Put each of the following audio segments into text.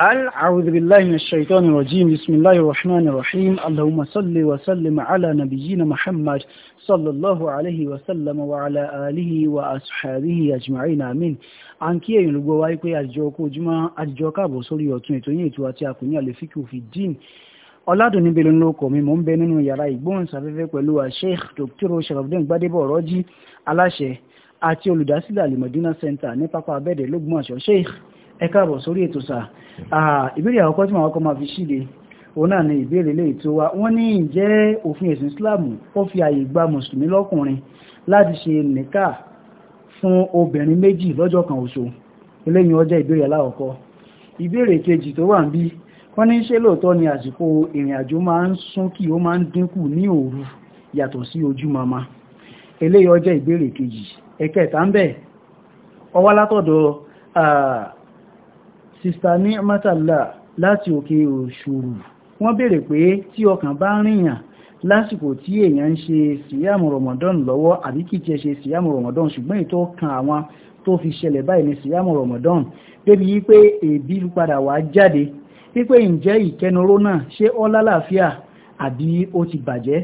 أعوذ بالله من الشيطان الرجيم بسم الله الرحمن الرحيم اللهم صل وسلم على نبينا محمد صلى الله عليه وسلم وعلى آله وأصحابه أجمعين آمين à ń kí èyàn lógbó wáyé pé àjọ ọkọ̀ ojúmọ́ àjọ káàbọ̀ sórí ọ̀tún ètò yìí ètò àti àkùnrin àlefíkì òfin dín ọ̀làdùnní bẹ̀rẹ̀ lóko mi mò ń bẹ nínú yàrá ìgbóhùnsáfẹ́fẹ́ pẹ̀lú Sheikh Dr. Sharafdin Gbadebo Ọ̀rọ́jì aláṣẹ àti olùdásílẹ̀ al Center ní pápá abẹ́ẹ̀dẹ̀ lógún àṣọ Sheikh ẹ káàbọ̀ sórí ètò sà ìbéèrè àkọ́kọ́ tí màá kọ́ máa fi ṣíde òun náà ni ìbéèrè lè tó wa wọ́n ní ǹjẹ́ òfin ẹ̀sìn Islam ó fi àyè gba mùsùlùmí lọ́kùnrin láti ṣe nìkà fún obìnrin méjì lọ́jọ́ kan oṣù eléyìí ọjọ́ ìbéèrè aláwọ̀kọ́ ìbéèrè kejì tó wà ń bí wọ́n ní ṣé lóòótọ́ ni àsìkò ìrìn àjò máa ń sún kí ó máa ń dínkù ní òru yàtọ̀ sí ojú mama eléyìí ọjọ́ ìbéèrè kejì ẹ̀kẹta ń bẹ̀ ọwá látọ̀dọ̀ sista ní mátàlá láti òkè òṣùrù wọ́n béèrè pé tí ọkàn bá rìnyàn lásìkò tí èèyàn ń ṣe síyàmù rọmọdán lọ́wọ́ àbí kìí tiẹ̀ ṣe síyàmù rọmọdán ṣùgbọ́n ètò kan àwọn tó fi ṣẹlẹ̀ báyìí ní síyàmù rọmọdán débi wípé èébì padà wá jáde wípé ǹjẹ́ ìkẹnuró náà ṣé ó lálàáfíà àbí ó ti bàjẹ́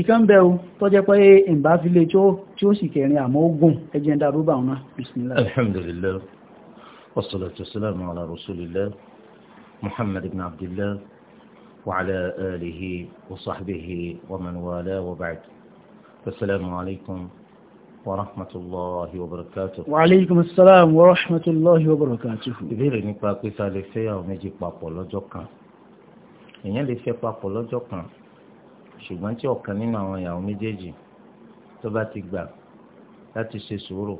ìkan bẹ o tó jẹ́ pé ìbáfilé e tí ó sì kẹrin àmọ́ ogun ẹjẹ́ ń darúgbà wọn náà bismillah والصلاة والسلام على رسول الله محمد بن عبد الله وعلى آله وصحبه ومن والاه وبعد السلام عليكم ورحمة الله وبركاته وعليكم السلام ورحمة الله وبركاته ìbéèrè nípa pé sá lè fẹ́ àwọn méjì papọ̀ lọ́jọ́ kan èèyàn lè fẹ́ papọ̀ lọ́jọ́ kan ṣùgbọ́n tí ọ̀kan nínú àwọn ìyàwó méjèèjì tó bá ti gbà láti ṣe sùúrù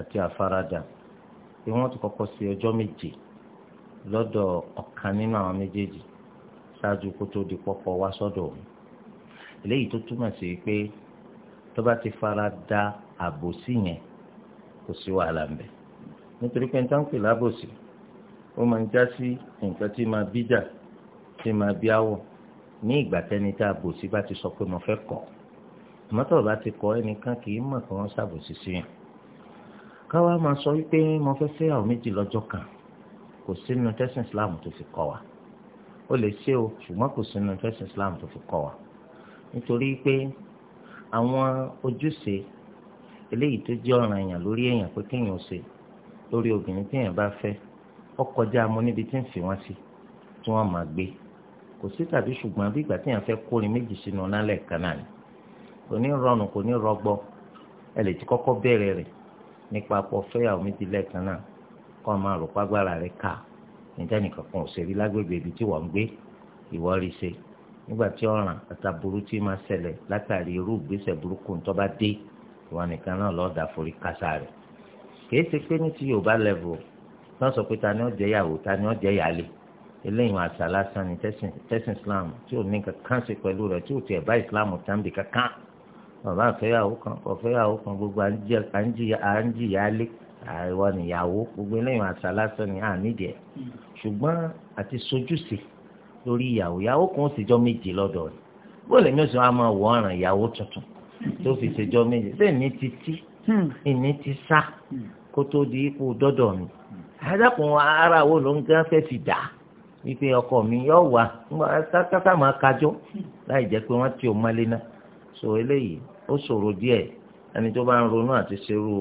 àti àfaradà pé wọ́n ti kọ́kọ́ ṣe ọjọ́ méje lọ́dọ̀ ọ̀kan nínú àwọn méjèèjì ṣáájú kó tó di pọ́pọ́ wá sọ́dọ̀ òun eléyìí tó túmọ̀ sí pé tó bá ti fara da àbòsí yẹn kò sí wàhálà ń bẹ nítorí pé nítorí pé lábòsí ó máa ń já sí nǹkan tí máa bíjà tí máa bí áwọ̀ ní ìgbà tẹ́ni tá àbòsí bá ti sọ pé mo fẹ́ kọ̀ ọ́ bá ti kọ̀ ẹnìkan kì í mọ̀ kí wọ́n ṣàbòsí sí yẹn káwá máa sọ wípé mo fẹ́ fẹ́yàwó méjì lọ́jọ́ kan kò sínú tẹ́sán islam tó fi kọ́ wa ó lè ṣe o ṣùgbọ́n kò sínú tẹ́sán islam tó fi kọ́ wa nítorí pé àwọn ojúṣe eléyìí tó jẹ́ ọ̀ràn èèyàn lórí èèyàn pé kéèyàn ṣe lórí obìnrin téèyàn bá fẹ́ ó kọjá mo níbi tí ń fi wọ́n sí tí wọ́n máa gbé kò sí tàbí ṣùgbọ́n bí ìgbà téèyàn fẹ́ kórin méjì sínú nálẹ̀ kan náà ni kò ní rọrùn kò ní rọgbọ ẹ lè ti kọ́kọ́ bẹ̀rẹ̀ rẹ̀ nípa pọ̀ fẹ́yàwó méjì lẹ́ẹ̀kan náà kọ́ ọ máa rò pàgbára rẹ̀ ká níta nìkan kan ò ṣe rí lágbègbè ibi tí wọ́n ń gbé ìwọ rí ṣe nígbà tí ọ̀ràn àtàbùrú tí máa ṣẹlẹ̀ látàrí irú ìgbésẹ̀ burúkú tó bá dé ìwọ nìkan náà lọ́ọ́ dà forí kásá rẹ̀ kìí ṣe pé ní ti Yorùbá level náà sọ pé ta ni ó jẹ́ ìyàwó ta ni ó jẹ́ ìyálé eléyìí àṣà lásán ni tẹ́sìn Islam tí ò ní kankan ṣe pẹ̀lú rẹ̀ tí ò tiẹ̀ bá Islam tán bì kankan bàbá àfẹ́yàwó kan kọ̀fẹ́yàwó kan gbogbo à ń jìyà alé àìwọ nìyàwó gbogbo eléyìí àṣà lásán ni ànídìí ẹ̀ hmm. ṣùgbọ́n àti sojúṣe lórí ìyàwó ìyàwó kan ó sì jọ méje lọ́dọ̀ rẹ̀ bó lè mẹ́sàn án máa wọ ọ̀ràn ìyàwó tuntun tó fi ṣèjọ méje ṣé ìní ti tí hmm. ìní ti sá hmm. kó tó di ipò dọ́dọ̀ mi àdàkùn ara wo ló ń gán fẹ́ fi dà wípé ọkọ mi yọ wà sátásámà kájọ láì jẹ́ pé wọ́n ti ò mọ́lé náà so eléyìí ó ṣòro díẹ̀ ẹni tó bá ń ronú àti ṣerú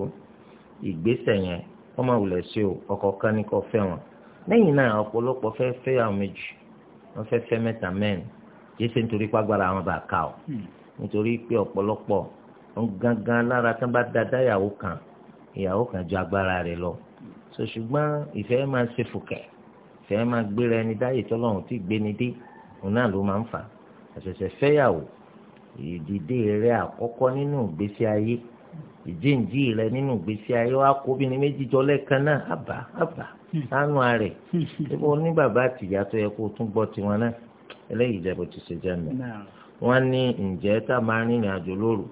ìgbésẹ̀ yẹn wọ́n máa wulẹ̀ sí o ọkọ kan ní kò fẹ́ wọn lẹ́yìn náà ọ̀pọ̀lọpọ̀ fẹ́ fẹ́ àwọn méjì wọ́n fẹ́ fẹ́ mẹ́ta mẹ́rin kì í ṣe nítorí pàgbára àwọn bá ka o hmm. nítorí pé ọ̀pọ̀lọpọ̀ wọn gangan lára tán bá dáadáa ìyàwó kan ìyàwó kan ju agbára rẹ̀ lọ so ṣùgbọ́n ìfẹ́ máa ṣe fùkẹ́ ìfẹ́ máa gbéra ẹni dáyè tọ́lọ́run tí gbéni ìdìde rẹ àkọ́kọ́ nínú ìgbésí ayé ìjíǹjí rẹ nínú ìgbésí ayé wa kó obìnrin méjì jọ lẹ́ẹ̀kan náà àbá àbá sánú rẹ̀ ṣébí o ní bàbá àtìyá tó yẹ kó o tún gbọ́ tiwọn náà eléyìí ìjẹ́bù ti ṣe jẹ́ mi. wọ́n ní ǹjẹ́ tá a máa rìnrìn àjò lóru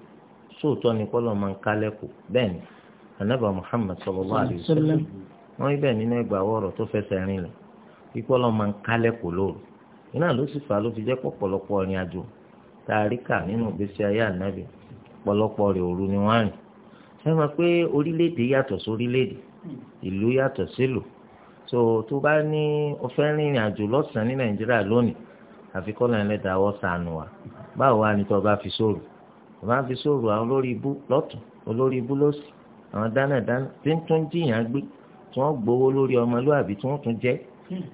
sóòótọ́ ni kọ́lọ́ máa ń kálẹ̀kù bẹ́ẹ̀ ni anábà Muhammad wọ́n ibẹ̀ nínú tó fẹsẹ̀ máa ń lóru ló sì fà á ló fi jẹ́ tàríkà nínú ìgbésí ayé ànábì pọ̀lọpọ̀ rẹ̀ òru ni wọ́n rìn ṣé wọn pé orílẹ̀-èdè yàtọ̀ sórílẹ̀-èdè ìlú yàtọ̀ sílùú tó tó bá ní o fẹ́ rìnrìn àjò lọ́sàn-án ní nàìjíríà lónìí àfi kọ́ lẹ́yìn lẹ́dàá wọ́n sànù wa báwo wá ní tó bá fi sóòrù tó bá fi sóòrù àwọn olórí ibú lọ́tún olórí ibú lọ́sì àwọn dánadáná tí ń tún jìyàn gbé tí wọ́n gbowó lórí ọmọlúwàbí tí wọ́n tún jẹ́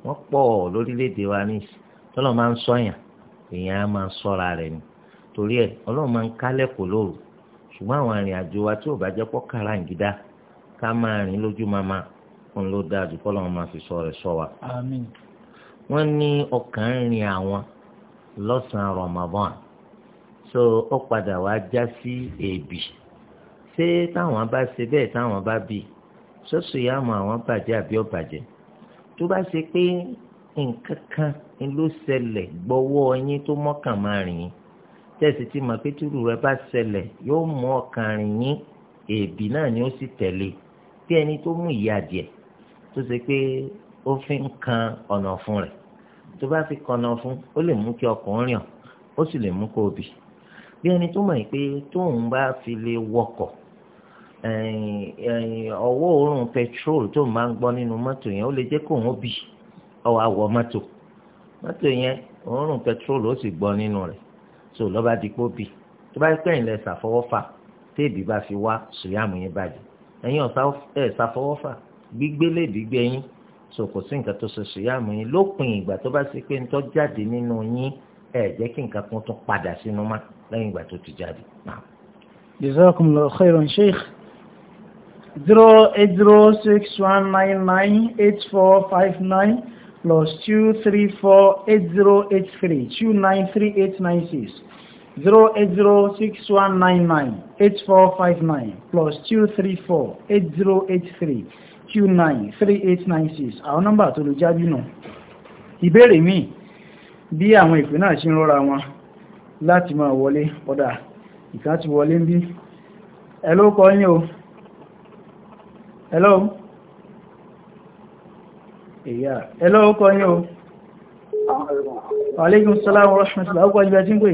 wọ́n pọ̀ lórílẹ̀‐èdè wa ní ìsìn tọ́lọ́ èèyàn á máa sọ́ra rẹ̀ ni torí ẹ̀ ọlọ́run máa ń kálẹ̀ kò lóru ṣùgbọ́n àwọn arìnrìn àjò wa tí ò bá jẹ́ pọ́ kàràǹgídá ká máa rìn lójú mama fún ló dáa jù kọ́ lọ́run máa fi sọ rẹ̀ sọ wa. wọ́n ní ọkàn ń rin àwọn lọ́sàn-án Ramadan so ó padà wá já sí èébì ṣé táwọn bá ṣe bẹ́ẹ̀ táwọn bá bì sọ́sọ́ ìyá àwọn àwọn bàjẹ́ àbí ọ̀bàjẹ́ tó bá ṣe pé nkankan kan ni ló ṣẹlẹ̀ gbọ́wọ́ ẹyin tó mọ́kàn máa rìn yín tẹ̀sí tí màpẹ́tùrù rẹ bá ṣẹlẹ̀ yóò mú ọkàn rìn yín èébì náà ni ó sì tẹ̀lé bí ẹni tó mú ìyá adìẹ tó ṣe pé ó fi ń kan ọ̀nà fún rẹ̀ tó bá fi kan ọ̀nà fún ó lè mú kí ọkùnrin rìn ó sì lè mú kó o bì bí ẹni tó mọ̀ yìí pé tóun bá fi lè wọkọ̀ ọwọ́ òórùn pẹtrol tóun bá ń gbọ́ nínú mọ́tò yẹn ó lè jẹ́ kóun ó bì ọwọ́ àwọ̀ mọ́tò mọ́tò yẹn òórùn pẹtrol ó sì gbọ́ nínú rẹ̀ tó lọ́ba dípò bì tó bá pẹ́yìn lẹ ṣàfọwọ́fà téèbì bá fi wá sùyàmù yẹn bàjẹ́ ẹ̀yin ẹ̀ ṣàfọwọ́fà gbígbélé gbígbé yín so kò sí nǹkan tó ṣe sùyàmù yín lópin ìgbà tó bá ṣe pé ń tọ́ jáde nínú yín ẹ̀ jẹ́ kí nǹkan kan tún padà sínú má lẹ́yìn ìgbà tó ti jáde. jazakumullahu khairan sheikh zero eight zero six one nine nine eight four five nine plus two three four eight zero eight three two nine three eight nine six zero eight zero six one nine nine eight four five nine plus two three four eight zero eight three two nine three eight nine six àwọn nọ́mbà tó lè jábí nù. ìbéèrè míì bí àwọn ìpè náà ṣe ń rọra wọn láti máa wọlé ọ̀dà ìkan ń bí. ẹ ló kọ́ hello ìyá ẹ lọ́wọ́ kọ́ yín o alaikum salaam wa rahmatullahi ọkọ̀ ìgbà tí ń pè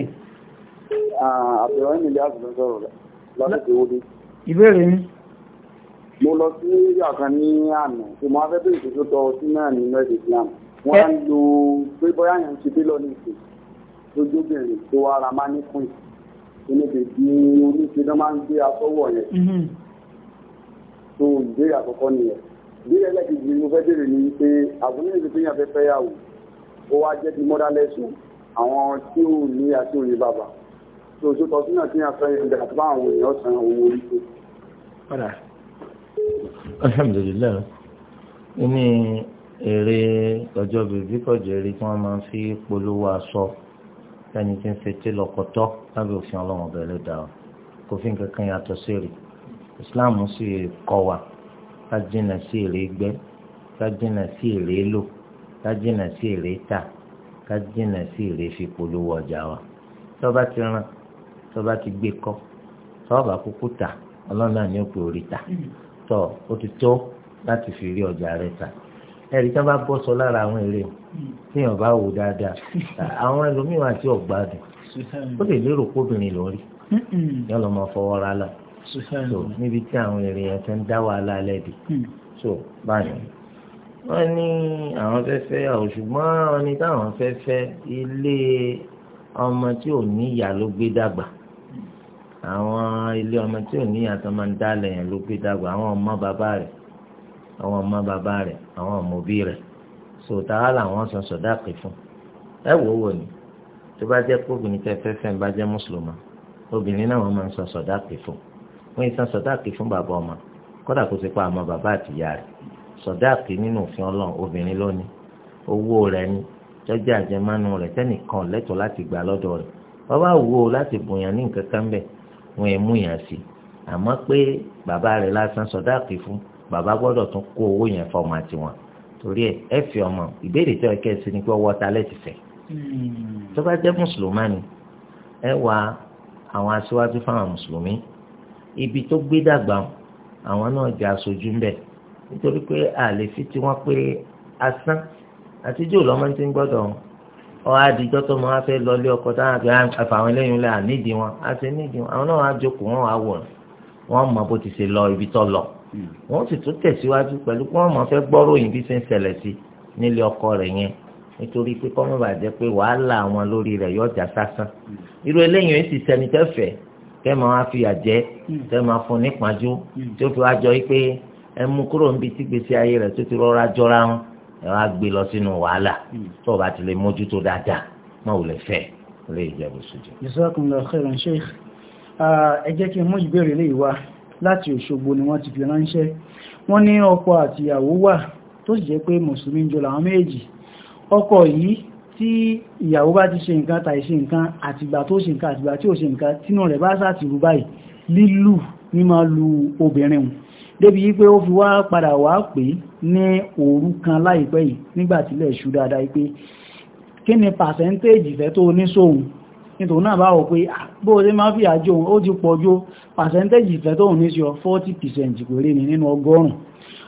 ìbéèrè mi mo lọ sí yàkan ní àná tí mo afẹ́ bèèrè tó tọ́ sí náà ní mẹ́rin Islam wọ́n á lo pé bọ́yá yẹn ti dé lọ ní ìsìn lójóbìnrin tó ara máa ní fún ìsìn níbi tí oníṣẹ́ náà máa ń gbé aṣọ́wọ̀ yẹn tó mhm. ìbéèrè àkọ́kọ́ bí ẹlẹ́kejì mo fẹ́ béèrè ni pé àbúrò níbi tó yàn fẹ́ fẹ́ yà wò ó wá jẹ́ ti mọ́dá lẹ́sùn àwọn tí ò ní àti òye bàbà tó o tó tọ́ sínú àti yàn fẹ́ yàn dà bá àwọn èèyàn san owó orí tó. alhamdulilayi ní èrè ọjọ́ bèbí kọjá rí tí wọ́n máa ń fi polówó aṣọ ẹni tí ń fetí lọ́kọ̀tọ́ lábẹ́ òfin ọlọ́run ọ̀bẹ̀rẹ̀ dà kò fi nǹkan kan yàtọ̀ sí rè Islam sì kọ́ wa ká jìnnà sí èrè gbẹ́ ká jìnnà sí èrè lò ká jìnnà sí èrè tà ká jìnnà sí èrè fi polówó ọjà wa tó bá ti ràn tó bá ti gbé kọ́ tó bá kúkú tà ọlọ́run náà ní òpè orí tà tó o ti tó láti fi rí ọjà rẹ tà ẹ̀rí tí wọ́n bá bọ́ sọ lára àwọn èrè téèyàn bá wò dáadáa àwọn ẹlòmíràn àti ọ̀gbádùn ó lè lérò kóbìnrin lórí yọ lọ́mọ fọwọ́ rálá so níbi tí àwọn èèyàn ti ń dá wàhálà lẹ́bi hmm. so báyìí wọ́n ní àwọn fẹ́ fẹ́ yàwó ṣùgbọ́n wọ́n ní táwọn fẹ́ fẹ́ ilé ọmọ tí ò ní ìyá ló gbé dàgbà àwọn ilé ọmọ tí ò ní ìyá tó máa ń dálẹ̀ yẹn ló gbé dàgbà àwọn ọmọ bàbá rẹ̀ àwọn ọmọ bàbá rẹ̀ àwọn ọmọ òbí rẹ̀ so tàwa làwọn san sọdáàkì fún ẹ wò wò ni tó bá jẹ́ kóbìnrin tẹ́ fẹ́ fẹ́ ń bá jẹ́ mùsùlùmá obìnrin náà wọ́n máa ń san sọdáàkì fún un wọ́n yìí san sọ̀dáàkì fún bàbá ọmọ kódà kó ti pa àmọ́ bàbá àtìyá rẹ̀ sọ̀dáàkì nínú òfin ọlọ́run obìnrin lónìí owó rẹ̀ ni tọ́jú àjẹmánu rẹ̀ tẹ́nìkan lẹ́tọ̀ọ́ láti gbà lọ́dọ̀ rẹ̀ bàbá wo láti bùnyàn ní nǹkan kan bẹ̀ wọ́n ẹ̀ mú yàn sí àmọ́ pé bàbá rẹ̀ lásán sọ̀dáàkì fún bàbá gbọ́dọ̀ tún kó owó yẹn fọmọ àtiwọn torí ẹ ẹ fi ọmọ ìbéèrè tó yẹ kẹ́ ẹ sí ni pé ọwọ́ ta lẹ́tì fẹ́ hmm. tó bá jẹ́ mùsùlùmá ni ẹ wá àwọn aṣíwájú fáwọn mùsùlùmí ibi tó gbé dàgbà àwọn náà jẹ́ aṣojú ń bẹ̀ nítorí pé àlè fi tí wọ́n pé asán àtijọ́ lọ́mọ tí ń gbọ́dọ̀ wọn àdìjọ́ tó máa fẹ́ lọlé ọkọ táwọn àgbẹ̀ àfàwọn eléyìí lẹ́yìn ànídìí wọn àti nídìí wọn àwọn náà wọn á jókòó wọn á wọ̀ wọn mọ bó ti ṣe lọ ibi tó lọ hmm. wọn sì tún tẹ̀síwájú pẹ̀lú pé wọn máa fẹ́ gbọ́ròyìn bí ṣe ń ṣẹlẹ̀ sí nílé ọkọ rẹ̀ yẹn nítorí pé kọ́mọ́ bàjẹ́ pé wàhálà àwọn lórí rẹ̀ yọjà sásán hmm. irú eléyìí sì sẹni tẹ́fẹ̀ẹ́ tẹ́ máa wá fìyà jẹ hmm. tẹ́ máa fún ní pàjù hmm. tó fi wá jọ yìí pé ẹ mú kúrò níbi tí gbèsè ayé rẹ̀ tó ti rọra jọra ń ẹ wá gbé lọ sínú wàhálà hmm. tó o bá ti lè mójútó dáadáa má wò lè fẹ́ lè jẹ́ bó sojú. Jazakumullahu khairan Sheikh ẹ jẹ́ kí n mú ìbéèrè lè wá láti Òṣogbo ni wọ́n ti fi ránṣẹ́ wọ́n ní ọkọ àtìyàwó wà tó sì jẹ́ pé mùsùlùmí jọ làwọn méjì ọkọ yìí tí ìyàwó bá ti ṣe nǹkan tàì ṣe nǹkan àtìgbà tó ṣe nǹkan àtìgbà tí ò ṣe nǹkan tínú rẹ̀ bá sáàtì rú báyìí lílù ní lu obìnrin hùn débi wípé ó fi wá padà wá pé ní òru kan láìpẹ́ yìí nígbàtílẹ̀ ṣú dáadáa wípé kí ni pàṣẹ́ntéèjì fẹ́ tó ní sóhun nítorí náà bá wò pé bó ṣe máa fi àjò ó ti pọ̀jó pàṣẹ́ntéèjì fẹ́ tóhun ní 40% péré ni nínú ọgọ́rùn-ún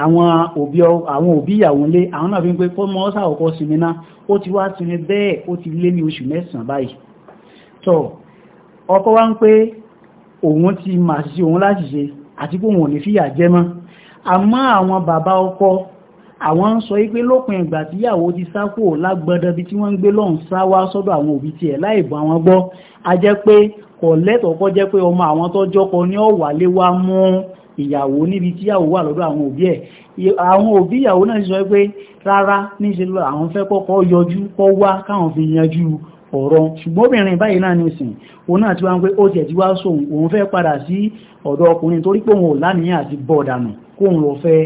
àwọn òbí àwọn òbí ìyàwó lé àwọn náà fi ń pé kó mọ́ sàwọ̀kọ́ sinmi náà ó ti wá sinmi bẹ́ẹ̀ ó ti lé ní oṣù mẹ́sàn báyìí tọ́ ọkọ wá ń pé òun ti mà sí òun láti ṣe àti pé òun ò ní fìyà jẹ mọ́ àmọ́ àwọn bàbá ọkọ àwọn ń sọ wípé lópin ìgbà tí ìyàwó ti sá kúrò lágbọ́dọ̀ bí tí wọ́n ń gbé lọ́hùn sá wá sọ́dọ̀ àwọn òbí tiẹ̀ láìbọ̀ àwọn gbọ́ a jẹ́ pé kọ̀lẹ́tọ̀ọ́kọ́ jẹ́ pé ọmọ àwọn tọ́jọ́kọ ní ọ̀wálé wá mú ìyàwó níbi tí ìyàwó wà lọ́dọ̀ àwọn òbí ẹ̀ àwọn òbí ìyàwó náà sọ pé rárá níṣe lọ àwọn fẹ́ kọ́kọ́ yọjú kọ́ wá káwọn fi yanjú ọ̀rọ̀ ṣùgbọ́n obìnrin báyìí náà ní ìsìn òun náà ti wá ń pé ó tẹ̀ tí wá sóhun òun fẹ́ padà sí ọ̀dọ̀ ọkùnrin torí pé òun ò láníyàn àti bọ̀dànù kóhun lọ fẹ́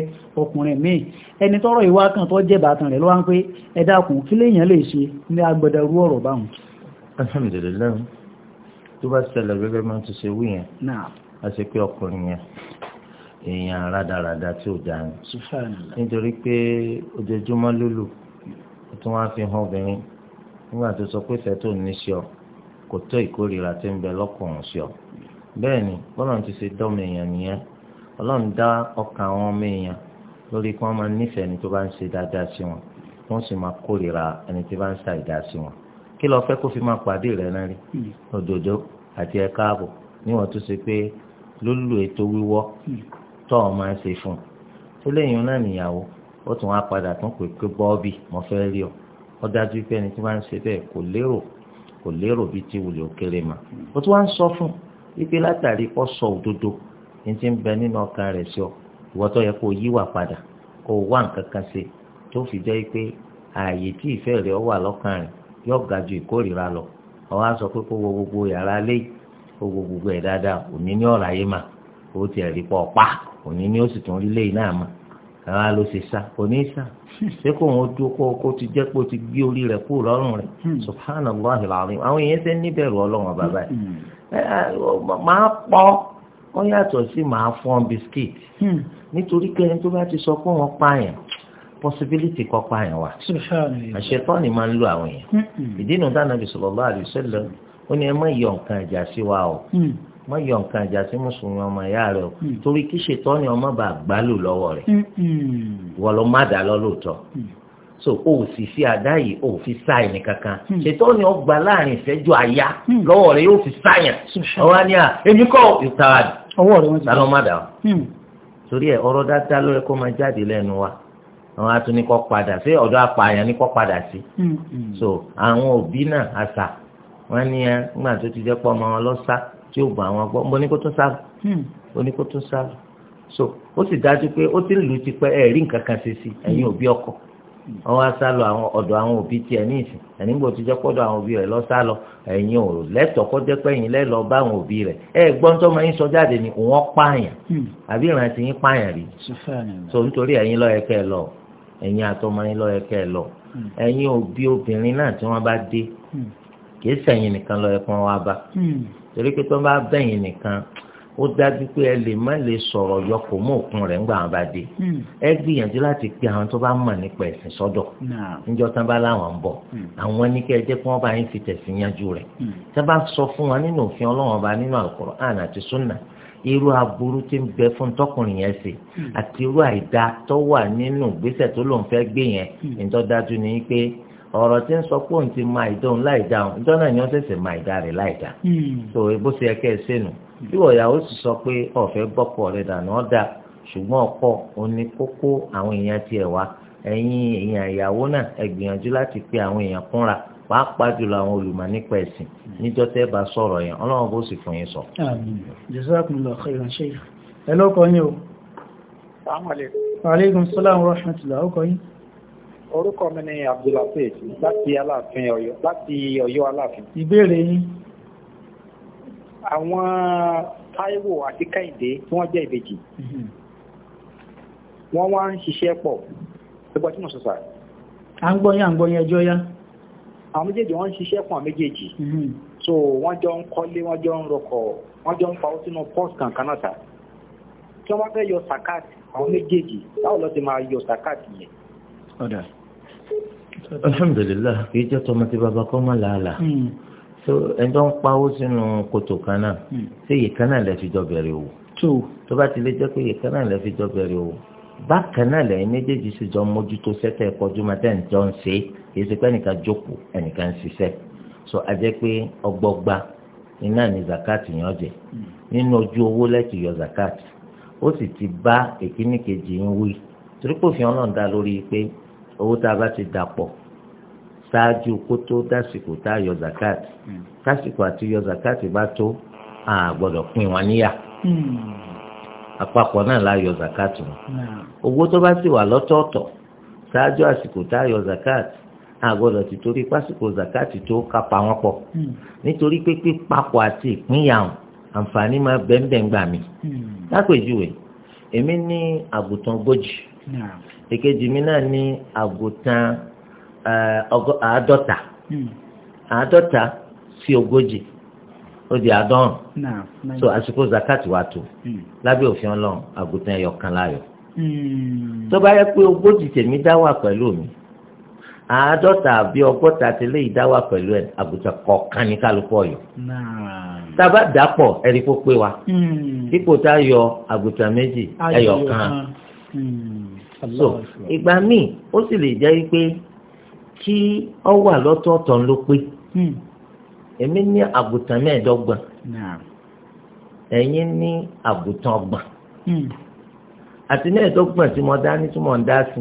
ọkùnrin míì ẹni tọ́rọ̀ ìwá kan tó jẹ́ bàtàn rẹ̀ ló wá ń pé ẹ dákun kí lèèyàn lè ṣe ní agbẹ̀dẹ̀rú ọ̀rọ̀ báhùn. alhamdulilayi tó bá ṣẹlẹ̀ gẹ́gẹ́ máa ti ṣe wí yẹn a pé ọkùnrin yẹn èèyàn rádaràda tí ò dáa nítorí pé ojoojúmọ́ lólu ó tún wáá fi hàn obìnrin nígbà tó sọ pé fẹ́tò ní sí ọ kò tó ìkórìíra tí ń bẹ lọ́kùnrin sí ọ bẹ́ẹ̀ ni bọ́lá ti ṣe dọ́mọ èèyàn nìyẹn ọlọ́run dá ọkàn àwọn ọmọ èèyàn lórí kí wọ́n máa nífẹ̀ẹ́ ẹni tó bá ń ṣe dáadáa sí wọn wọ́n sì máa kórìíra ẹni tó bá ń ṣe àìdáa sí wọn kí lọ fẹ́ kó fi máa pàdé rẹ̀ náà rí hmm. òdòdó àti ẹ̀ka ààbò níwọ̀n tó ṣe pé lólù ètò wíwọ́ hmm tọ́ ọ máa ń ṣe fún un tó lẹ́yìn náà nìyàwó ó tún wá padà tún pè pé bọ́ọ̀bì mo fẹ́ rí ọ ó dájú pé ẹni tí wọ́n ń ṣe bẹ́ẹ̀ kò lérò kò lérò bíi ti wùlé òkèrè mà ó tún wá ń sọ fún wípé látàrí kó sọ òdodo ní ti ń bẹ nínú ọkàn rẹ̀ sí ọ ìwọ tó yẹ kó yíwà padà kó wá nǹkan kan ṣe tó fi jẹ́ pé ààyè tí ìfẹ́ rẹ̀ ọ wà lọ́kàn rẹ̀ yóò ga ju ìkórìíra lọ ọ wá sọ pé kó wo gbogbo yàrá lé ó ti ẹ̀rí pọ̀ pa òní ni ó sì tún rí léyìn náà mọ́ àwọn alóṣè sá òní sá ṣé kò wọ́n tó kó kó ti jẹ́ pé ó ti gbé orí rẹ̀ kú lọ́rùn rẹ̀ hmm. subhanallahi alazim àwọn èèyàn ṣe ní bẹ̀rù ọlọ́run bàbá yìí hmm. máa pọ̀ ó yàtọ̀ sí máa fọ́n bisikíìtì hmm. nítorí kẹrin tó bá ti sọ pé wọ́n pààyàn possibility kọ́ pààyàn wà àṣetọ́ ni máa ń lo àwọn èèyàn ìdí nu dáná bí sallallahu alaihi wasallam ó ní ẹ má yọ nǹkan ìjà sí wa o má yọ nǹkan ìjà sí mùsùlùmí ọmọ ìyá rẹ o hmm. torí kí ṣètọ́ ni ọmọ bá gbá lò lọ́wọ́ rẹ̀ hmm. wọ́n lọ má dà lọ́lọ́tọ̀ hmm. so o sì fi àdá yìí o fi sáì ní kankan ṣètọ́ ni ọgbà láàrin ìṣẹ́jú àyà lọ́wọ́ rẹ̀ yóò fi sáyàn ọwọ́ ni à èmi kọ́ ìtaradì ọwọ́ rẹ̀ wọ́n ti lọ́ má o torí ẹ ọ̀rọ̀ dáadáa ló kó máa jáde lẹ́nu wa àwọn atúní padà sí ọ̀dọ̀ apààyàn ní padà sí so àwọn òbí náà àṣà wọ́n ní ẹ nígbà tó ti jẹ́ pọ́ ọmọ wọn lọ́sàá tí ó bọ àwọn gbọ́ mo ní kó tún sáré hmm. mo ní kó tún sáré so ó sì dájú pé ó ti lù ú tipẹ́ ẹ̀ nǹkan kan ṣe hmm. òbí ọkọ wọ́n wá sálọ àwọn ọ̀dọ̀ àwọn òbí tiẹ̀ ní ìsìn ẹ̀ní gbò tí jẹ́ àwọn òbí rẹ lọ sálọ ẹ̀yin ò kó pé bá àwọn òbí rẹ ẹ gbọ́n tó máa ń sọ jáde ni òun pààyàn hmm. àbí so nítorí lọ lọ òbí obìnrin náà torí pé tó ń bá bẹ̀yìn nìkan ó dájú pé ẹ lè má lè sọ̀rọ̀ yọkò mọ́ òkun rẹ̀ ńgbà wọn bá dé hmm. ẹ gbìyànjú láti pe àwọn tó bá mọ̀ nípa ẹ̀sìn sọ́dọ̀ níjọ́ tán bá láwọn ń bọ̀ hmm. àwọn ní kí ẹ jẹ́ kí wọ́n bá yín fi tẹ̀sí yanjú rẹ̀ hmm. tẹ́ bá sọ fún wọn nínú òfin ọlọ́wọ́n bá nínú Al-Qur'an àti Sunnah irú aburú tí ń bẹ fún tọkùnrin yẹn sí àti irú àìdá tó wà nínú ìgbésẹ̀ tó lòun fẹ́ gbé yẹn ìtọ́dájú ni pé ọ̀rọ̀ tí ń sọ pé òun ti máa ìdóhun láì dáhùn ìjọ náà ni wọ́n ṣẹ̀ṣẹ̀ máa ìdá rẹ̀ láì dá hmm. so bó ṣe ẹkẹ́ ẹ sẹ́nu bí ọ̀yàwó sì sọ pé ọ̀fẹ́ gbọ́kọ rẹ̀ dànù ọ̀dà ṣùgbọ́n ọkọ òní kókó àwọn èèyàn tiẹ̀ wá ẹ̀yin èèyàn ìyàwó náà ẹ gbìyànjú láti pe àwọn èèyàn kúnra pàápàá jùlọ àwọn olùmọ̀ nípa ẹ̀sìn níjọ́ tẹ́ bá sọ̀rọ̀ yẹn ọlọ́run bó sì fún yín sọ. jazakumullahu khairan sheikh ẹ lọ́kọ̀ yín o. salaamaleykum. aleykum salaam wa rahmatulah ọkọ̀ yín orúkọ mi ni abdulhafiz láti aláàfin ọ̀yọ́ láti ọ̀yọ́ aláàfin. ìbéèrè yín. àwọn taiwo àti kẹ́hìndé tí wọ́n jẹ́ ìbejì mhm. wọ́n wá ń ṣiṣẹ́ pọ̀ ẹgbẹ́ tí mo sọ sáà. à ń gbọ́yìn à ń gbọ́yìn ẹjọ́ yá. àwọn méjèèjì wọ́n ń ṣiṣẹ́ pọ̀ méjèèjì mhm. so wọ́n jọ ń kọ́lé wọ́n jọ ń rọkọ̀ wọ́n jọ ń pawó sínú pọ́s kankan náà ta tí wọ́n bá fẹ́ yọ sàkáàtì àwọn méjèèjì báwo ló ti máa yọ sàkáàtì yẹn alhamdulilah kì í jẹ́ tọmọ tí bàbá kọ́ mọ́ làálà hmm. so ẹjọ́ ń pawó sínú kòtò kan náà hmm. ṣé iye kan náà lè fi jọ bẹ̀rẹ̀ o tó bá ti lè jẹ́ pé iye kan náà lè fi jọ bẹ̀rẹ̀ o bákan náà lẹ́yìn méjèèjì sì jọ mójútó sẹ́tẹ̀ kọjú máa tẹ̀ ń jọ ń ṣe kì í ṣe pé ẹnìkan jókòó ẹnìkan ń ṣiṣẹ́ so a jẹ́ pé ọgbọgba iná ní zakati yẹn ọjẹ hmm. nínú ojú owó lẹ́tì yọ zakati ó sì ti bá èkíní kejì ń wí torí kò fi ọlọ́run dá lórí pé owó tá a bá ti dàpọ̀ ṣáájú kó tó dásìkò tá a yọ zakat dásìkò hmm. àti yọ zakat bá tó a gbọ́dọ̀ pín wọn níyà hmm. àpapọ̀ náà la yọ zakat wọn hmm. owó tó bá sì wà lọ́tọ̀ọ̀tọ̀ ṣáájú àsìkò tá a yọ zakat àgọ́dọ̀ ti torí pásìkò zakati tó kápá wọn pọ̀ nítorí pé pípapọ̀ àti ìpínyàwó àǹfààní máa bẹ́ẹ̀nbẹ́ẹ̀ gbà mí. lápèjúwe èmi ní àgùntàn ogójì èkejì mi náà ní àgùntàn eh, àádọ́ta hmm. àádọ́ta sí ogójì ó di àádọ́rùn so àsìkò zakati wa tó hmm. lábẹ́ òfin ọlọ́run àgùntàn ẹ̀yọ̀ kan láyọ̀ hmm. tó bá yẹ pé ogójì tèmi dá wà pẹ̀lú mi àádọ́ta àbí ọgọ́ta tẹ́lẹ̀ yìí dá wà pẹ̀lú ẹ̀ àgùntàn kọ̀ọ̀kan ní kálukú ọ̀yọ́ tába dàpọ̀ ẹ̀rí kó pé wa dípò tá a yọ àgùntàn méjì ẹ̀yọ̀ kan so ìgbà míì ó sì lè jẹ́ pé kí ọ wà lọ́tọ̀ọ̀tọ̀ ló pé hmm. èmi ní àgùntàn mẹ́ẹ̀ẹ́dọ́gbọ̀n ẹ̀yin ní àgùntàn ọgbọ̀n hmm. àti mẹ́ẹ̀ẹ́dọ́gbọ̀n tí mo dá ní tí mo ń dá sí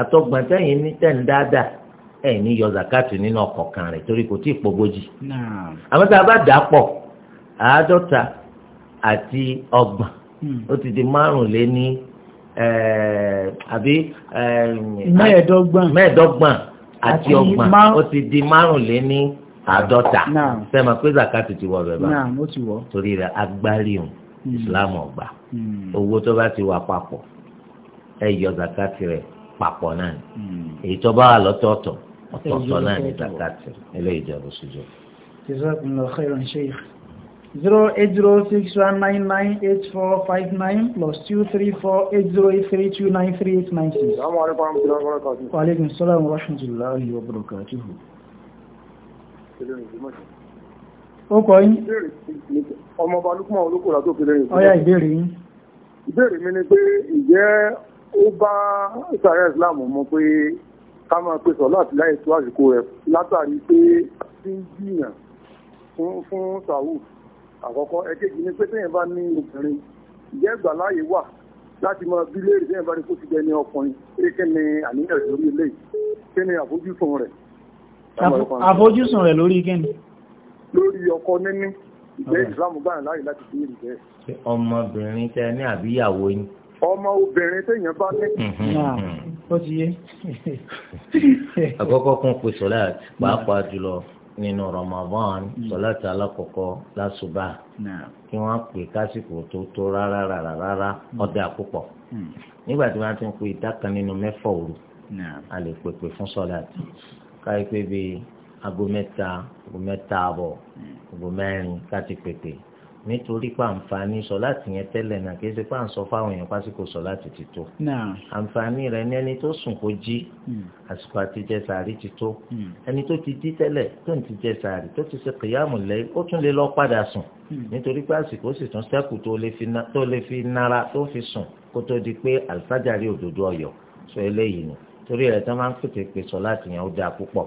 àtọgbọ̀n tẹ̀yìn ní tẹ̀ ń dáadáa ẹ̀yin yọ zakati nínú ọ̀kọ̀ọ̀kan rẹ̀ torí kò tí ì àmọ́ tá a bá dà pọ̀ àádọ́ta àti ọgbọ̀n hmm. ó ti di márùn-ún lé ní Eh, àbí eh, mẹ́ẹ̀ẹ́dọ́gbọ̀n mẹ́ẹ̀ẹ́dọ́gbọ̀n àti ọgbọ̀n ó ti di márùnléní àádọ́ta sẹ́mi pé zakati ti wọ bẹ́ẹ̀ bá torí rẹ̀ agbárí òun ìsìlámù hmm. ọgbà hmm. owó tó bá ti wà papọ̀ ẹ yọ zakati rẹ̀ papọ̀ náà hmm. èyí tó bá wà lọ́tọ̀ọ̀tọ̀ ọ̀tọ̀ọ̀tọ̀ náà ní zakati eléyìí jẹ́ bó ṣe jesus kun lọ xeyron sheikh zero eight zero six one nine nine eight four five nine plus two three four eight zero eight three two nine three eight nine six. salaamaleykum wa rahmatulahi wa barakatuhu. wa aleykum salaam wa rahmatulahi wa barakatuhu. ó kọ́ yín. ọmọ ọba lukuma olókùnrin àti òkèlè yìí. ọyá ìbéèrè yín. ìbéèrè mi ni pé ǹjẹ́ ó bá ìsàrẹ́ islam mu pé ká máa pèsè ọ̀la àtìláyè tó àsìkò rẹ̀ látàrí pé ó ti ń jìyàn fún fún sàwùd àkọ́kọ́ ẹ̀kejì ni pé téèyàn bá ní obìnrin ìjẹ́ ìgbà láàyè wà láti máa bí léèrè téèyàn bá ní kó ti dẹni ọkùnrin pé kí ni àníyàn lórí ilé kí ni àfojúsùn rẹ̀. àfojúsùn rẹ̀ lórí kí ni. lórí ọkọ níní ìjẹ́ ìsìlámù gbà láàyè láti bí èrè bẹ́ẹ̀. ọmọbìnrin tẹ ní àbíyàwó yín. ọmọ obìnrin téèyàn bá ní. ó ti yé. àkọ́kọ́ kún pèsè láti pàápàá jùlọ nínú Ramadan hmm. sọláàtì alákọ̀ọ́kọ́ lásùbà kí wọ́n pè kásìkò tó tó rárá rárá rárá hmm. ọ̀dà púpọ̀ hmm. nígbà tí wọ́n ti ń pè ìdá kan nínú mẹ́fọ̀ òru a lè pèpè fún sọláàtì káyé pé bíi aago mẹ́ta aago mẹ́ta àbọ̀ aago mẹ́rin ká ti pèpè nítorí pé àǹfààní sọ láti yẹn tẹ́lẹ̀ náà kì í ṣe pé à ń sọ fáwọn èèyàn pásíkò sọ láti ti tó. àǹfààní rẹ ní ẹni tó sùn kó jí hmm. àsìkò àti jẹ sàárì ti tó hmm. ẹni tó ti jí tẹ́lẹ̀ tó ń ti jẹ sàárì tó ti ṣe kìyàmù lẹ́yìn ó tún lè lọ padà sùn hmm. nítorí pé àsìkò sì tún sẹ́kù tó lè fi nara tó fi sùn kó tó di pé àlùfájàrí òdòdó ọ̀yọ́ sọ eléyìí ni torí ẹ̀ tán máa ń pètè pè sọ láti yẹn ó dáa púpọ̀.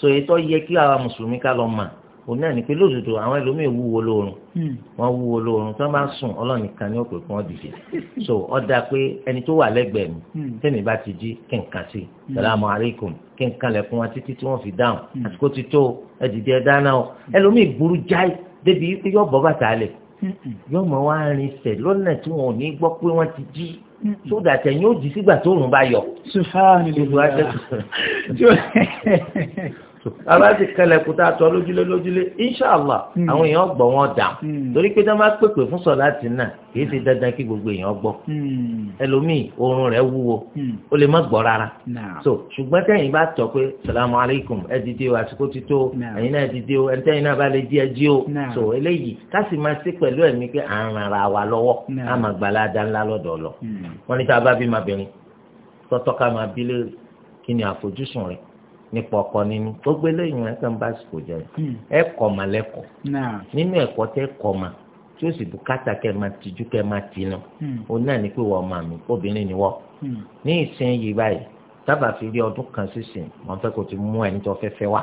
so ètò yẹ kí àwa mùsùlùmí ká lọ mà òun náà ní pé lódodo àwọn ẹlòmíì wúwo lóorun hmm. wọn wúwo lóorun tí wọn bá sùn Ọlọ́run nìkan ní òpè fún ọdìdì so ọ da pé ẹni tó wà lẹ́gbẹ̀ẹ́ mi hmm. tẹmí bá ti jí kí n kàn sí hmm. salamu aleykum kí n kanlẹ̀ fún wa títí tí wọ́n fi dáhùn àsìkò ti tó ẹdìdì ẹ dáná o ẹlòmíì burú jáì débi yóò bọ́ bàtà lẹ̀ yóò mọ̀ wá rin lọ́nà tí wọn ò ní gbọ́ pé wọ́n ti jí so that ẹ̀yin jí sígbà tó òrùn bá yọ. bàbá ti kẹlẹ̀ kúta tọ́ lójúlé lójúlé inshàlá hmm. àwọn èèyàn gbọ́ wọn dà hmm. torí pé dáná pèpè fún sọ̀lá ti nà kìí ṣe hmm. dandan kí gbogbo èèyàn gbọ́ ẹlòmíì oorun rẹ̀ wúwo ó lè má gbọ́ rárá so ṣùgbọ́n tẹ̀yìn bá tọ́ pé salamu alaykum ẹ dìde o àsìkò ti tó ẹ̀yin náà dìde o ẹ̀ntẹ́yìn náà bá lè jí ẹ jí o so eléyìí ká sì máa ṣe pẹ̀lú ẹ̀mí pé à ń rara wa lọ́wọ́ á máa gbà ládá ńlá lọ́dọ̀ lọ a bá bí máa bẹ̀rin tọ́tọ́ ká máa bí lé kí ni àfojúsùn rẹ̀ nípa ọkọ nínú gbogbo eléyìí hmm. ẹ kàn bá sùkò jẹ ẹ kọ mà lẹkọ nínú ẹ̀kọ́ tẹ kọ mà tí ó sì bùkátà kẹ máa tìjú kẹ máa tinú o hmm. náà ní pé wọ́n máa mi obìnrin ni wọ́n hmm. ní ìsìn yìí báyìí sábà fi rí ọdún kan sísìn wọ́n fẹ́ kó ti mú ẹni tó fẹ́ fẹ́ wá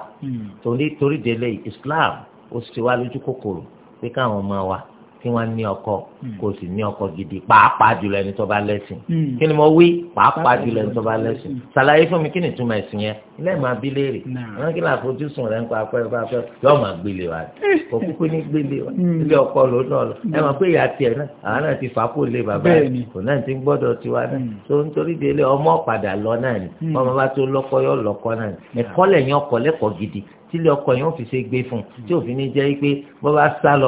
torí torí délé Islam ó sì ti wá lójú kòkòrò pé káwọn máa wá tí wọ́n ní ọkọ hmm. kò sì ní ọkọ gidi pàápàá jùlọ ẹni tó bá lẹ́sìn hmm. kí ni mo wí pàápàá jùlọ ẹni tó bá lẹ́sìn hmm. ṣàlàyé fún mi kí ni túmọ̀ ẹ̀sìn yẹn ilé máa bí léèrè wọn kí ni àfojúsùn rẹ̀ ń pa apẹ́ apẹ́ apẹ́ yóò máa gbélé wa kò kúkú ní gbélé wa ilé ọkọ ló náà lọ ẹ máa pé ìyá tiẹ̀ náà àwọn náà ti fà kó lé bàbá rẹ̀ kò náà ti gbọ́dọ̀ tiwa náà tó ń torí délé ọmọ padà lọ náà ni ọmọ bá tó lọ́kọ yọ lọ́kọ náà ni ẹ̀kọ́ lẹ́yìn ọkọ lẹ́kọ̀ọ́ gidi tílé ọkọ yẹn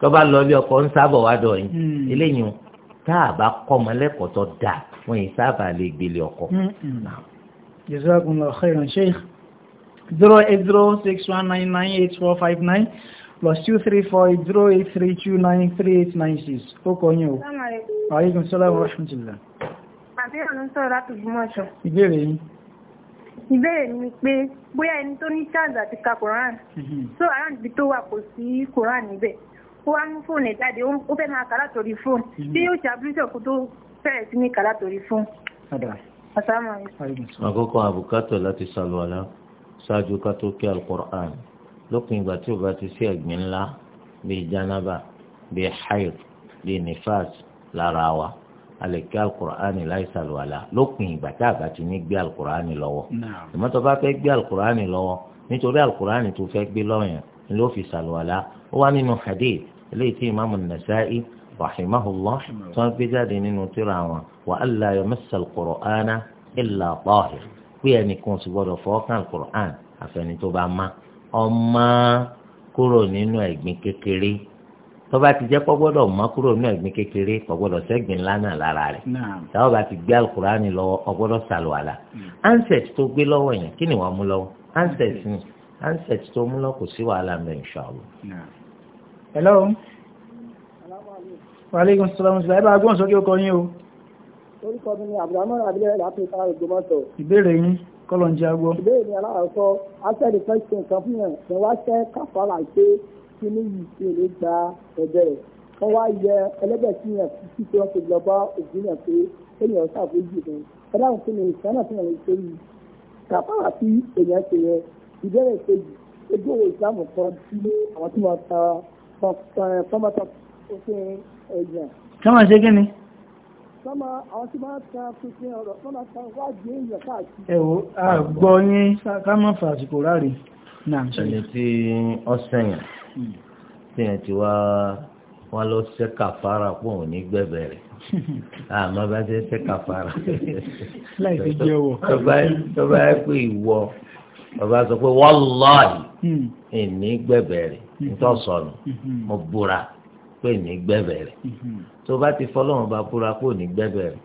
tọ́ba lọ bí ọkọ̀ ń sábọ̀ wá dọ̀ yín hmm. eléyìí tá a bá kọ́ ọmọ lẹ́kọ̀ọ́ tó dà wọ́n yìí sábà lè gbélé ọkọ̀. Hmm, hmm. jazakumullahu khairan sheikh zero eight zero six one nine nine eight four five nine plus two three four zero eight three two nine three eight nine six ó kọ yín o. aleykum salaam wa rahmatulah. àbí ọ̀nà sọ̀rọ̀ láti gbọ́mọ̀ ṣọ. ìbéèrè yín ìbéèrè ni pé bóyá ẹni tó ní chance àti ka Quran so around ibi tó wà kò sí Quran níbẹ̀ ó wá mú fóònù ẹ̀ jáde ó fẹ́ máa kàrà torí fóònù mm-hmm. bí yóò ṣe abúlé ìṣọ̀kú tó fẹ́rẹ̀ sí ní kàrà torí fóònù. àkókò àbùkátà láti ṣàlùwàlá ṣáájú ká tó kí alukur'an lópin ìgbà tí o bá ti sí ẹ̀gbin ńlá bíi janaba bíi hayd bíi nifas lára wa a lè kí alukur'ani láì ṣàlùwàlá lópin ìgbà tá a bá ti ní gbé alukur'ani lọ́wọ́ ìmọ̀tọ́ bá fẹ́ gbé alukur'ani lọ́wọ́ nítorí alukur'ani tó fẹ́ gbé lọ́yàn ló fi ṣàlùwàlá ó wá nínú hadith eléyìí tí ìmáàmù Nasa'i rahimahullah tó ń gbé jáde nínú tírà wọn wa alla yamassa al-Qur'ana illa tahir pé ẹnìkan sì gbọ́dọ̀ fọwọ́kàn al-Qur'an àfẹni tó bá má ọmọ kúrò nínú ẹ̀gbin kékeré tó bá ti jẹ́ kó gbọ́dọ̀ mọ́ kúrò nínú ẹ̀gbin kékeré kó gbọ́dọ̀ sẹ́gbin ńlá náà lára rẹ̀ táwọn bá ti gbé alukurani lọ́wọ́ ó gbọ́dọ̀ ṣàlùwàlá ansẹt tó gbé lọ́wọ́ yẹn kí ni wọ́n mú lọ́wọ́ ansẹt ni ansẹt tó mú lọ́wọ́ kò sí wàhálà mẹ́ inshallah hello wàlẹ́gùn sọ́lọ́mù sílẹ̀ ẹbá agbóhùn sókè ọkọ̀ yín o orúkọ mi ni abdulhamid abilẹ̀ láti ìta ògbómọ̀tọ̀ ìbéèrè yín kọ́lọ̀ ń jẹ́ agbó ìbéèrè mi aláàkọ́ asẹ́ẹ̀dì fẹ́sìn kan fún yàn ni wá ṣẹ́ káfàlà pé kí ní yìí ṣe lè gba ẹ̀jẹ̀ rẹ̀ wọ́n wá yẹ ẹlẹ́gbẹ̀ẹ́ sí yàn títí tí wọ́n ti lọ bá òbí yàn pé kéèyàn tọ́mọ̀tọ̀ òfin ẹ̀yàn. tọ́mọ̀ ṣe kí ni. tọ́mọ̀ àwọn tí máa ta fífin ọ̀rọ̀ tọ́mọ̀ ta wájú èèyàn káàkiri. ẹ̀wọ̀ àgbọ̀ yín ká mọ̀ fàṣìkò ráre. ṣẹlẹ̀ tí ọ̀sẹ̀yàn hmm. tí yẹn ti wá wọn lọ ṣe kàfàrà pọ̀ ní gbẹ̀bẹ̀ rẹ̀ àmọ́ bá ṣe ṣe kàfàrà. láì fi jẹ́ wọ. tọ́ba ẹ pé ìwọ ọba sọ pé wọ́n lọ́ọ̀yì ìní hmm. gbẹ̀bẹ̀ rẹ̀ nítorí sọnù mhm. mo búra pé ní gbẹ́bẹ̀ rẹ̀ mhm. tó bá ti fọlọ́run bá búra pé ní gbẹ́bẹ̀ rẹ̀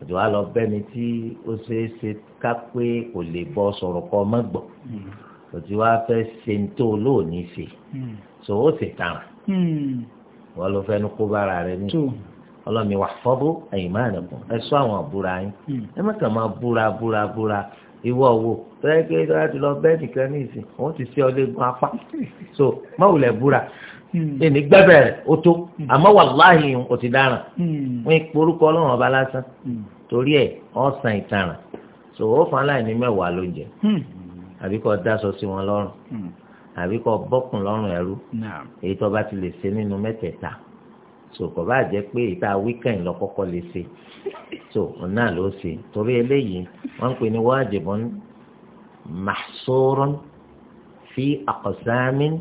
àti wàá lọ bẹ́ni tí ó ṣeé ṣe ká pé kò lè bọ́ sọ̀rọ̀ kọ́ mọ́gbọ̀n kò mhm. tí wàá fẹ́ ṣe ń tó lóòní ṣe so ó sì tàn wọ́n ló fẹ́nu kó bára rẹ̀ ní ọlọ́mi wà fọ́bó ẹ̀yìn máa nìkan ẹ sọ àwọn àbúra yín ẹ mẹ́kàn máa búra búra búra ìwọ wo tọ́jà pé tọ́jà ti lọ bẹ́ẹ̀ nìkan ní ìsìn wọ́n ti ṣe ọlẹ́gun apá so mọ̀wùlẹ̀ búra hmm. ẹni gbẹ́bẹ̀rẹ̀ ó tó hmm. àmọ́ wàláhì ó ti dáràn hmm. wọ́n ń porúkọ ọlọ́run ọba lásán torí ẹ̀ ọ́n san ìtaràn so ó fún aláìní mẹ́wàá ló ń jẹ àbí kò dáṣọ sí wọn lọ́rùn àbí kò bọ́kùn lọ́rùn ẹrú èyí tó bá ti lè ṣe nínú mẹ́tẹ̀ẹ̀ta so kò bá jẹ́ pé ìta wíkẹ̀ǹd lọ kọ́kọ́ lè ṣe so ọ̀nà ló ṣe torí eléyìí wọ́n ń pè ní wájibun mahsurun fi aqsamin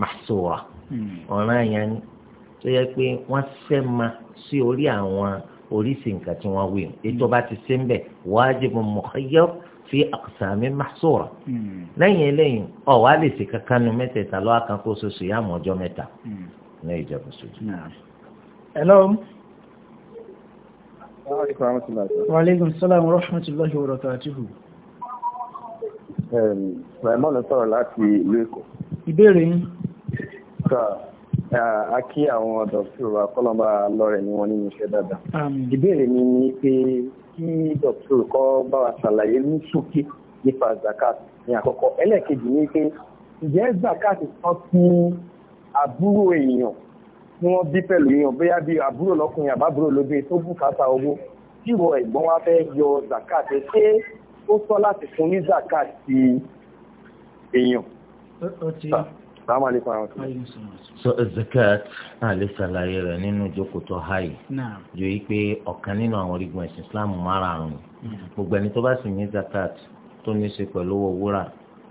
mahsura hmm. ọ̀ràn yẹn ni tó yẹ pé wọ́n ṣẹ́ ma sí orí àwọn oríṣi nǹkan tí wọ́n wí ètò bá ti ṣe ń bẹ̀ wájibun mukhayyar fi aqsamin mahsura hmm. lẹ́yìn eléyìí ọ̀ wá lè ṣe kankan nu mẹ́tẹ̀ẹ̀ta lọ́wọ́ kan kó soso yá mọ́ ọjọ́ mẹ́ta hmm. ní ìjọba sojú. Wa alaikum salam wa rahmatullahi wa barakatuhu. Raymond sọ̀rọ̀ láti ìlú Èkó. Ìbéèrè yín. Sọ a kí àwọn ọ̀dọ̀ sí wa kọ́lọ́mbà lọ́rẹ̀ ni wọ́n nínú iṣẹ́ dáadáa. Ìbéèrè mi ni pé kí dọ̀tún kọ́ bá wa ṣàlàyé ní ṣókí nípa zakat ní àkọ́kọ́. Ẹlẹ́ẹ̀kejì ni pé ǹjẹ́ zakat sọ fún àbúrò èèyàn tí wọ́n bí pẹ̀lú yàn bóyá bí àbúrò lọ́kùnrin àbábúrò lóbìnrin tó bùkátà owó tí ìwọ ẹ̀gbọ́n wa fẹ́ yọ zakat ṣé ó sọ láti fún ní zakat ti èèyàn. So zakat náà lè ṣàlàyé rẹ̀ nínú ìjókòó tó háyì. Ju yí pé ọ̀kan nínú àwọn Islam márààrún. Mm-hmm. Gbogbo ẹni tó bá sì ní zakat tó ní ṣe pẹ̀lú owó wúrà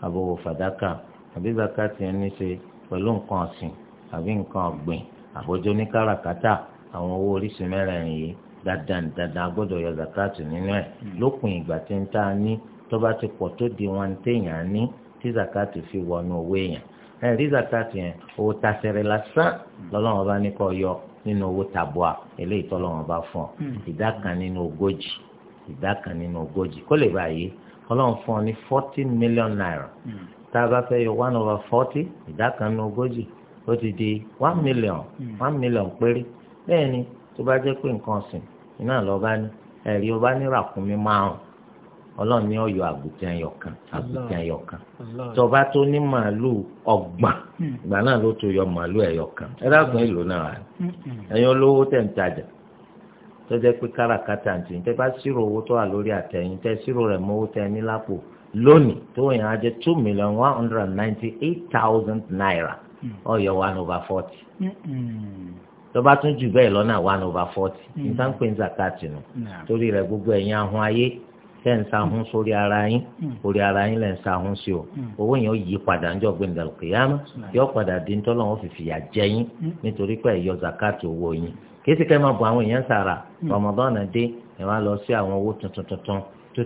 àbọ̀wò fàdákà àbí zakat yẹn ní ṣe pẹ̀lú nǹkan ọ̀sìn àbí nǹkan ọ̀gbìn àbójọ ní káràkátà àwọn owó oríṣi mẹ́rẹ̀ẹ̀rin yìí dandan dandan a yọ zakatu nínú ẹ̀ hmm. lópin ìgbà tí ń tá a ní tó bá ti pọ̀ tó di wọn téèyàn ní tí zakatu fi wọnú owó èèyàn ẹ̀ rí zakatu yẹn owó tasẹ̀rẹ̀ lásán hmm. lọ́lọ́wọ́n bá ní kọ́ yọ nínú owó tabua eléyìí tọ́lọ́wọ́n bá fún ọ hmm. ìdá kan nínú ogójì ìdá kan nínú ogójì kó lè báyìí ọlọ́run fún ọ ní forty million naira tá a bá fẹ́ yọ one over forty ìdá kan nínú ogójì ó ti di one million hmm. one million péré bẹ́ẹ̀ ni tó bá jẹ́ pé nǹkan ọ̀sìn iná lọ́ba ní ẹ̀rí ọba ní ràkúnmí márùn ọlọ́run ní ọ̀yọ́ àgùntàn ẹyọkan àgùntàn ẹyọkan tọba tó ní màálùú ọgbọ̀n hmm. ìgbà náà ló tó yọ màálùú ẹyọkan ẹ dákun ìlú náà hmm. ẹ̀yin olówó tẹ̀ ń tajà tó jẹ́ pé káràkátà ń tìyìn tẹ́ bá ṣírò owó tó wà lórí àtẹ̀yìn tẹ́ ṣírò rẹ̀ mọ́ owó tẹ́ ní lápò lónìí tó yàn á jẹ́ two million one hundred and ninety eight thousand naira ọ̀yọ̀ oh, one over forty tó bá tún jù bẹ́ẹ̀ lọ́nà one over forty mm. nígbà ń pè ní zakati nù torí rẹ̀ gbogbo ẹ̀yin ahun ayé tẹ́ ń sahun mm. sórí ara yín mm. orí ara yín lẹ́ ń sahun sí o owó yẹn ó yí padà ń jọ gbẹ̀ndà kìyàmù yọ padà di ń tọ́lọ́ wọn fìfì yà jẹ yín nítorí pé ẹ̀yọ zakati owó yín kìí sì kẹ́ máa bọ àwọn èèyàn sára Ramadan dé ẹ̀ wá lọ sí àwọn owó tuntun tuntun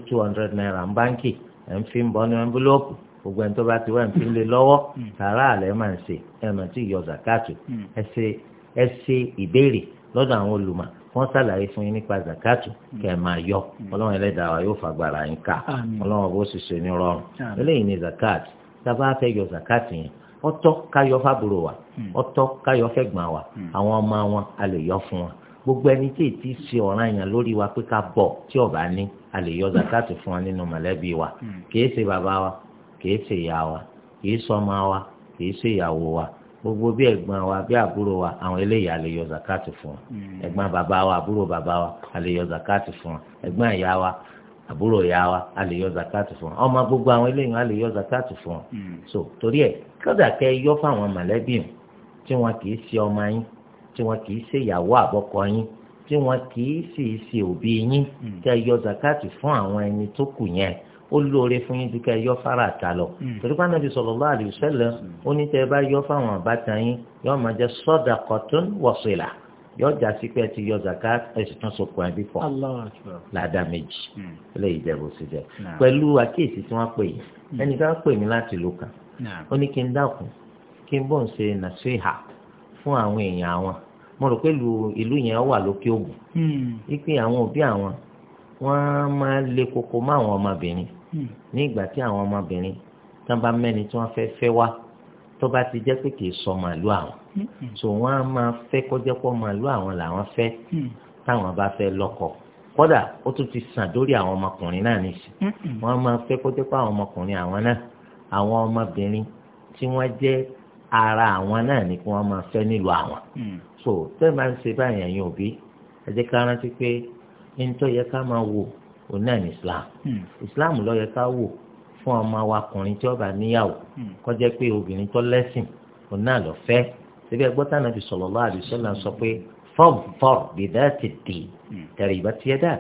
two hundred naira ń báńkì ẹ̀ ń fi ń bọ́ ní envelope gbogbo ẹni tó bá ti wá ní fílẹ̀ lọ́wọ́ sàrà mm. àlẹ́ máa ń ṣe ẹ̀mọ̀ tí ìyọ zakatu mm. ẹ ṣe ìbéèrè lọ́dọ̀ àwọn olùmọ̀ wọ́n ṣàlàyé fún yín nípa zakatu mm. kẹ́ ẹ máa yọ ọlọ́run ẹlẹ́dàá wa yóò fagbára yín ká ọlọ́run bó sì ṣe ní rọrùn eléyìí ni zakatu tábà fẹ́ yọ zakatu yẹn ọ̀tọ̀ káyọ fábùrò wa ọ̀tọ̀ káyọ fẹ́gbọ́n wa àwọn ọmọ wọn a lè yọ fún wọn gbogbo ẹni tí èyí ti ṣe ọ̀ràn yẹn lórí wa pé ká bọ̀ tí ọ̀bá ní a lè yọ zakatu fún wa nínú mọ̀lẹ́bí wa kì í ṣe bàbá wa kìí ṣe ìyá wa kìí sọmọ wa kìí ṣe ìyàwó wa gbogbo bí ẹ̀gbọ́n wa bí àbúrò wa àwọn eléyìí a lè yọ zakati fún wa hmm. ẹ̀gbọ́n bàbá wa àbúrò bàbá wa a lè yọ zakati fún wa ẹ̀gbọ́n ìyá wa àbúrò ìyá wa a lè yọ zakati fún wa ọmọ gbogbo àwọn eléyìí a lè yọ zakati fún wa hmm. so torí ẹ kódà kẹ yọ fáwọn mọ̀lẹ́bí yìí tí wọn kìí ṣe ọmọ yín tí wọn kìí ṣe ìyàwó àbọ̀kọ yín tí wọn kìí sì ṣe òbí yín hmm. kẹ yọ zakati fún àwọn ẹni tó kù yẹn ó lóore fún yín dúkẹ́ yọ fara àta lọ hmm. torí pé anabi sallallahu alaihi wasallam ó ní tẹ́ ẹ bá yọ fáwọn yín yọ máa jẹ sadaqatun wa sila yọ jà sí pé ẹ ti yọ zakat ẹsùn tán so kùn ẹbí fọ ládàá méjì hmm. àkíyèsí tí pè yìí hmm. ẹnì kan pè mí láti ìlú kan ó ní kí n dákun kí n bọ̀ ń ṣe nàṣíhà fún le koko ọmọbìnrin ní ìgbà tí àwọn ọmọbìnrin tó bá mẹ́ni tí wọ́n fẹ́ fẹ́ wá tó bá ti jẹ́ pé kì í sọ màálù àwọn mm-hmm. so wọ́n á máa fẹ́ kọjá pọ̀ màálù àwọn làwọn fẹ́ mm-hmm. táwọn bá fẹ́ lọ́kọ kódà ó tún ti sàn dórí àwọn ọmọkùnrin náà nìyí mm-hmm. wọ́n á máa fẹ́ kọjá pọ̀ àwọn ọmọkùnrin àwọn náà àwọn ọmọbìnrin tí wọ́n jẹ́ ara àwọn náà ni kí wọ́n máa fẹ́ nílùú àwọn so tẹ́ẹ̀ máa ń ṣe báyìí ẹ̀yin òbí ẹ jẹ́ ká rántí pé ní tó yẹ ká máa wò òun ní islam hmm. islam ló yẹ ká wò fún ọmọ awakùnrin tí ó bá níyàwó hmm. kó jẹ́ pé obìnrin tó lẹ́sìn òun náà lọ fẹ́ síbi ẹgbọ́n tí Ànábì sallallahu alaihi wasallam sọ pé fọ́ọ̀fọ́ọ̀ bìdá ti dì tẹ̀rẹ̀ ìbá ti yẹ dà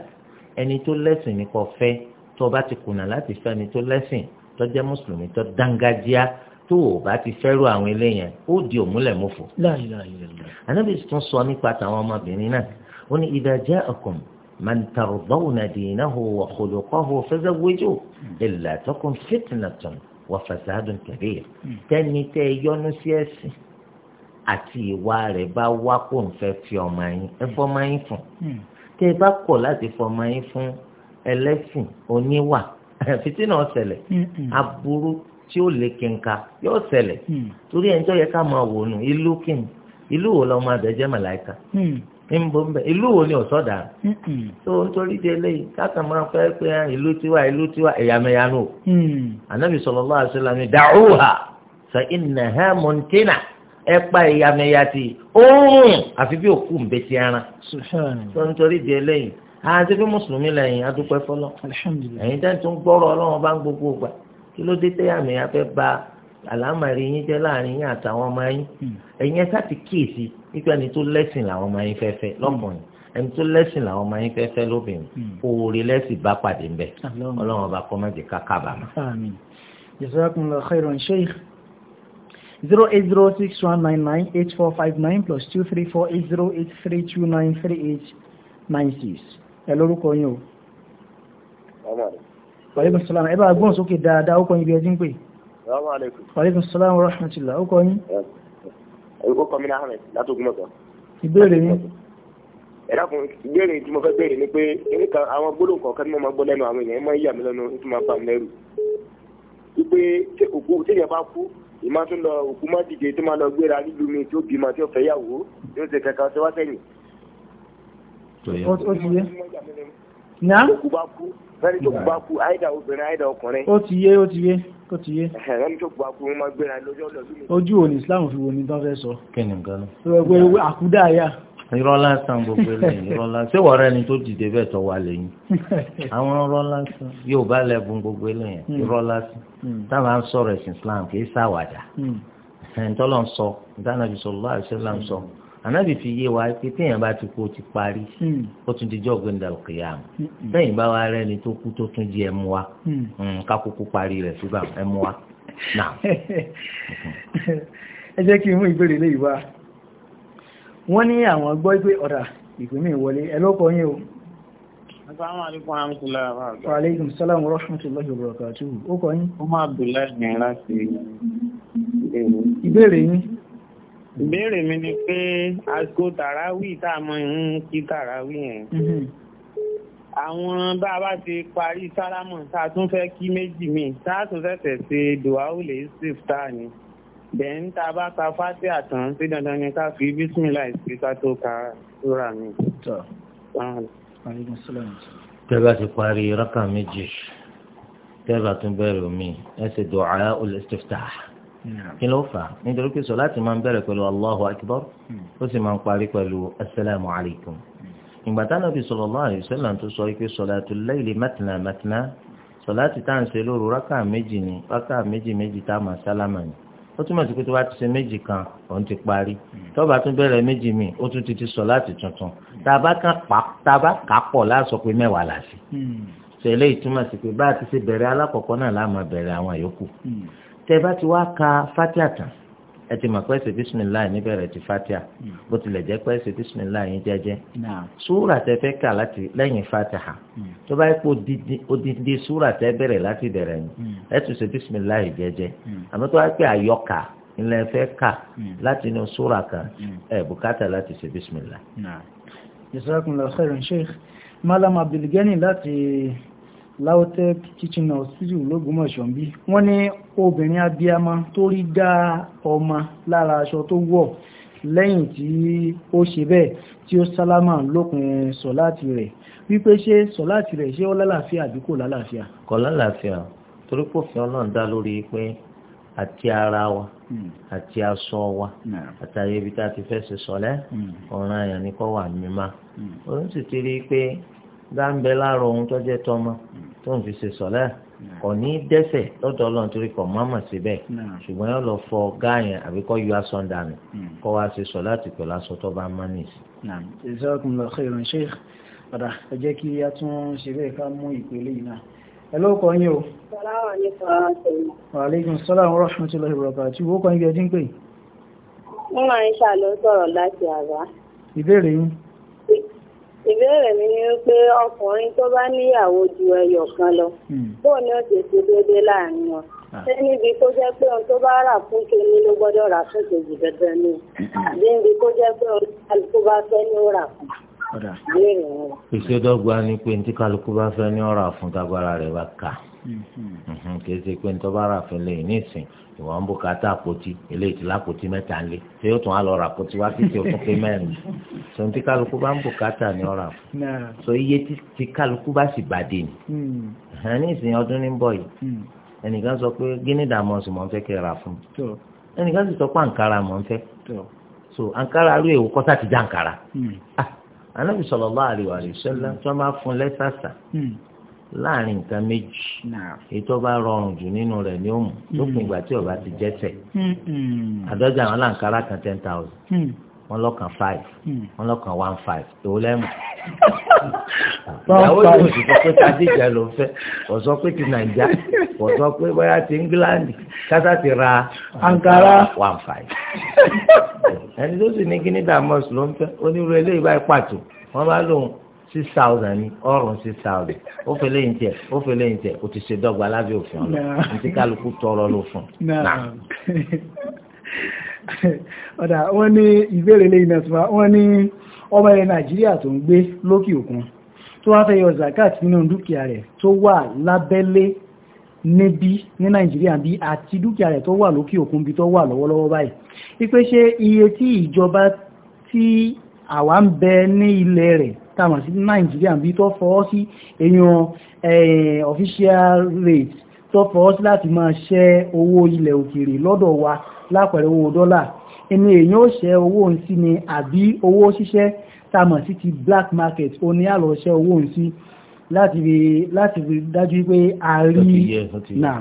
ẹni tó lẹ́sìn ní kó fẹ́ tó bá ti kùnà láti fẹ́ ẹni tó lẹ́sìn tó jẹ́ mùsùlùmí tó dángájíá tó o bá ti fẹ́rù àwọn eléyẹn ó di òmùlẹ̀ mọ́fọ́. Ànábì tún sọ nípa tàwọn ọmọbìnrin náà ó ní idha ja'akum من ترضون دينه وخلقه فزوجوه إلا تكن فتنة وفساد كبير تاني تيونو سياسي àti ìwà rẹ̀ bá wá kó n fẹ́ fi ọmọ yín ẹ fọmọ yín fún hmm. tẹ ẹ bá kọ̀ láti fọmọ yín fún ẹlẹ́sìn oníwà fìtínà ọ̀sẹ̀lẹ̀ hmm, hmm. aburú tí ó lè kínka yóò ṣẹlẹ̀ torí ẹjọ́ yẹ ká máa wò nù ìlú kìnnì ìlú wo lọ́mọ abẹ́jẹ́ màláìka ń bọ̀ nbẹ ìlú wo ni ọ̀sọ́ dà tó nítorí di eléyìí káàkiri mọ́ra pé pé ìlú tiwa ìlú tiwa ẹ̀yàmẹ̀yà nù. Mm. ànábì sallallahu alaihi wasallam da'uha fa innaha muntina ẹ pa ẹ̀yàmẹ̀yà ti oorun àfi bí òkú ń ara. tó nítorí di eléyìí àti bí mùsùlùmí lẹ́yìn adúpẹ́ fọlọ́ ẹ̀yin tẹ́ tó ń gbọ́rọ̀ ọlọ́run bá ń gbogbo gbà kí ló dé tẹ́yàmẹ̀yà fẹ́ ba àlámàrí yín jẹ́ láàrin yín àtàwọn ọmọ yín hmm. ẹ̀yin ẹ sáà ti kíyèsí nípa ẹni tó lẹ́sìn làwọn ọmọ yín fẹ́fẹ́ hmm. lọ́kùnrin ẹni tó lẹ́sìn làwọn ọmọ yín fẹ́fẹ́ lóbìnrin hmm. oore lẹ́sìn bá pàdé ńbẹ ọlọ́run ọba kọ́ mẹ́jẹ káká bà mọ́. jazakumullahu khairan sheikh zero eight zero six one nine nine eight four five nine plus two three four eight zero eight three two nine three eight nine six ẹ lórúkọ yín o. wàlúùsọ̀lá ẹ bá gbọ́n sókè dáadáa ó kọ́ ibi ẹ ti ń pè é. Assalamu alaikum. Wa alaikum assalam wa rahmatullah. Ó kọ yín. Ó kọ mi ní Ahmed látògùn mọ̀tọ̀. Ìbéèrè yín. Ẹ̀dá kun ìbéèrè tí mo fẹ́ béèrè ni pé eré kan àwọn gbólóhùn kọ̀ọ̀kan tí mo máa gbọ́ lẹ́nu àwọn èèyàn máa ń yà mí náà fẹ́ni tó gbá kú àìdá obìnrin àìdá ọkùnrin. ó ti yé ó ti yé ó ti yé. ẹ̀rẹ́ni tó gbá kú wọ́n máa gbéra lójú ọ̀dọ̀ sí mi. ojú òní Islam fi wo ni tán fẹ́ sọ. kẹ́ni gan-an. ìwẹ̀gbẹ́ ìwé àkúdà yà. irọ́ lásán gbogbo eléyìí irọ́ lásán ṣé wọ́ọ̀rẹ́ ni tó dìde bẹ́ẹ̀ tọ́ wa lẹ́yìn. àwọn irọ́ lásán yóò bá lẹ́bùn gbogbo eléyìí hmm. irọ́ lásán hmm. táwọn sọ̀rọ̀ Islam kì ànábì fi yé wa pé téèyàn bá ti kú ó ti parí hmm. ó tún di jọ́ gbẹ̀ndà al-qiyāmah hmm, hmm. bẹ́yìn bá wa rẹ́ni tó kú tó tún di ẹmu wa kákókó parí rẹ̀ síbà ẹmu wa náà. ẹ jẹ́ kí n mú ìbéèrè lè wá wọ́n ní àwọn gbọ́ pé ọ̀dà ìpínlẹ̀ ìwọlé ẹ lọ́kọ̀ yín o. Assalamu alaikum warahmatullahi wabarakatuh. Wa alaikum salam warahmatullahi wabarakatuh. Ó kọ́ yín. Ó máa bèèrè láti ìbéèrè yín ìbéèrè mi ni pé àsìkò tàràwì tá a mọ ń kí tàràwì yẹn mhm. àwọn bá a bá ti parí sálámù tá a tún fẹ́ kí méjì mi tá a tún fẹ́sẹ̀ ṣe dùwáwùlé sif tá a ní bẹ́ẹ̀ tá a bá ka fásitì àtàn sí dandan ni ká fi bísímìlà ìsìn ká tó ka sóra mi. tẹ́ ti parí rákà méjì tẹ́ tún bẹ̀rẹ̀ omi ẹ ṣe dùwáwùlé tá a kí ló fà nítorí pé sọ láti máa ń bẹ̀rẹ̀ pẹ̀lú allahu akbar hmm. ó sì máa ń parí pẹ̀lú asalaamu alaykum hmm. ìgbà táwọn Ànábì sallallahu alayhi wa sallam tó sọ pé salatul layli matna matna sọláàtì tá à ń ṣe lóru rákà méjì ni rákà méjì méjì tá a máa sálámà ni ó túmọ̀ sí pé tó bá ti ṣe méjì kan òun ti parí hmm. tó bá tún bẹ̀rẹ̀ méjì mi ó tún ti ti sọláàtì tuntun tá kà pọ̀ láàsọ pé mẹ́wàá là sí ṣe sí pé bá a ti ṣe bẹ̀rẹ̀ alákọ̀ọ́kọ́ náà la máa bẹ̀rẹ̀ àwọn yòókù tẹ bá ti wá ka fatia tán ẹ ti mọ̀ pé ṣe bisimilayi níbẹ̀rẹ̀ ti fatia hmm. bó tilẹ̀ jẹ́ pé ṣe bisimilayi yín jẹ́jẹ́ súrà tẹ fẹ́ kà láti lẹ́yìn fatiha hmm. tó bá yẹ kó odidi súrà tẹ bẹ̀rẹ̀ láti bẹ̀rẹ̀ yín hmm. ẹ tún ṣe bisimilayi jẹ́jẹ́ àmọ́ tó bá yẹ pé àyọkà ilẹ̀ fẹ́ kà láti inú súrà kan ẹ bùkátà láti ṣe bisimilayi. jazakumullahu khairan sheikh malam abdulgani láti lautech kitchen hospital lógúnmọ̀ṣọ́ bí wọ́n ní obìnrin abiyamọ tó rí dá ọmọ lára aṣọ tó wọ̀ lẹ́yìn tí ó ṣe bẹ́ẹ̀ tí ó sálámà lópin sọ̀láàtì rẹ̀ wípé ṣé sọ̀láàtì rẹ̀ ṣé ó lálàáfíà àbí kò lálàáfíà. kò lálàáfíà torí kò fi ọlọ́run dá lórí pé àti ara wa hmm. àti aṣọ wa hmm. àtàyè ibi tá a ti fẹ́ ṣe sọ̀lẹ́ hmm. ọ̀ràn àyàn wà mímá. òun sì ti rí pé dáńbẹ láàrọ ohun tó jẹ tọmọ tó ń fi ṣe sọlẹ kò ní dẹ́ṣẹ̀ lọ́dọ̀ Ọlọ́run torí kò má mà síbẹ̀ ṣùgbọ́n yóò lọ fọ gáàyàn àbí kò yọ aṣọ dànù kó wá ṣe sọ láti pẹ̀lú aṣọ tó bá má nìyí. jazakumullahu khairan sheikh padà ẹ jẹ́ kí a tún ṣe bẹ́ẹ̀ ká mú ìpele yìí náà ẹ ló kọ yín o. wa alaikum salaam wa rahmatullahi wa barakatuh wọ́n kọ́ yín bí ẹ ti ń pè. mo máa ń ṣàlọ́ sọ̀rọ̀ láti àbá. ìbéèrè yín ìbéèrè mi ni pé ọkùnrin tó bá níyàwó ju ẹyọ kan lọ hmm. bó ni ó ṣe ṣe déédé láàrin wọn ah. ṣé níbi kó jẹ́ pé ohun tó bá rà fún kemi ló gbọ́dọ̀ rà fún kejì dandan ni hmm. àbí níbi kó jẹ́ pé ohun tó bá fẹ́ ni ó rà fún. ìṣèdọ́gba ni pé ní kálukú bá fẹ́ ní ọ̀rọ̀ àfúntagbára rẹ̀ bá kà mhm. mhm, kì í ṣe pé nítorí bá rà fún lẹ́yìn nísìn ìwọ̀n ń bùkátà àpótí eléyìí ti lápótí mẹ́ta ń lé tí yóò tún á lọ rà àpótí wá sí ti o tún pé mẹ́rin sọ ní kálukú bá ń ní ọ̀rọ̀ àfún ni hmm. ní ìsìn ọdún ní bọ̀ yìí hmm. ẹnìkan sọ pé gíní dààmú mọ̀ ń fẹ́ so rú èwo anábì sallallahu alaihi wa sallam tó bá fún lẹ́sàsà hmm. láàrin nǹkan méjì ètò bá rọrùn jù nínú rẹ̀ ní òmù lópin hmm. ìgbà tí ó bá ti jẹ́sẹ̀ hmm, àdọ́jà àwọn làǹkárá kan ten thousand wọn lọ́kàn five hmm. wọn lọ́kàn one five tó lẹ́mù. ìyàwó yóò sì sọ pé tàdíjà ló fẹ́ kò sọ pé ti nàìjà kò sọ pé bóyá ti England kásá ti ra Ankara one five. ẹni tó sì ní guinea damos ló ń fẹ́ onírúurú eléyìí báyìí pàtó wọ́n bá lóun six thousand ní ọrùn six thousand ó fẹ́ lẹ́yìn tiẹ̀ ó fẹ́ lẹ́yìn tiẹ̀ ó ti ṣe dọ́gba lábẹ́ òfin ọ̀la ní ti kálukú tọrọ ló fún un. ọ̀dà wọ́n ní ìbéèrè lè iná tí wọ́n ní ọmọ ilẹ̀ Nàìjíríà tó ń gbé lókè òkun tó wá fẹ́ yọ zakat nínú dúkìá rẹ̀ tó wà lábẹ́lé níbí ní Nàìjíríà bí àti dúkìá rẹ̀ tó wà lókè òkun bí tó wà lọ́wọ́lọ́wọ́ báyìí ipe ṣe iye eh, official rate tó fọ́ sí láti máa ṣẹ́ owó ilẹ̀ òkèèrè lọ́dọ̀ wa lápẹ̀rẹ̀ owó dọ́là ẹni èyàn ó ṣẹ́ owó ń sí ni àbí owó ṣíṣẹ́ tamọ̀ sí ti black market ó ní àlọ́ṣẹ́ owó ń sí láti fi láti fi dájú pé a rí náà.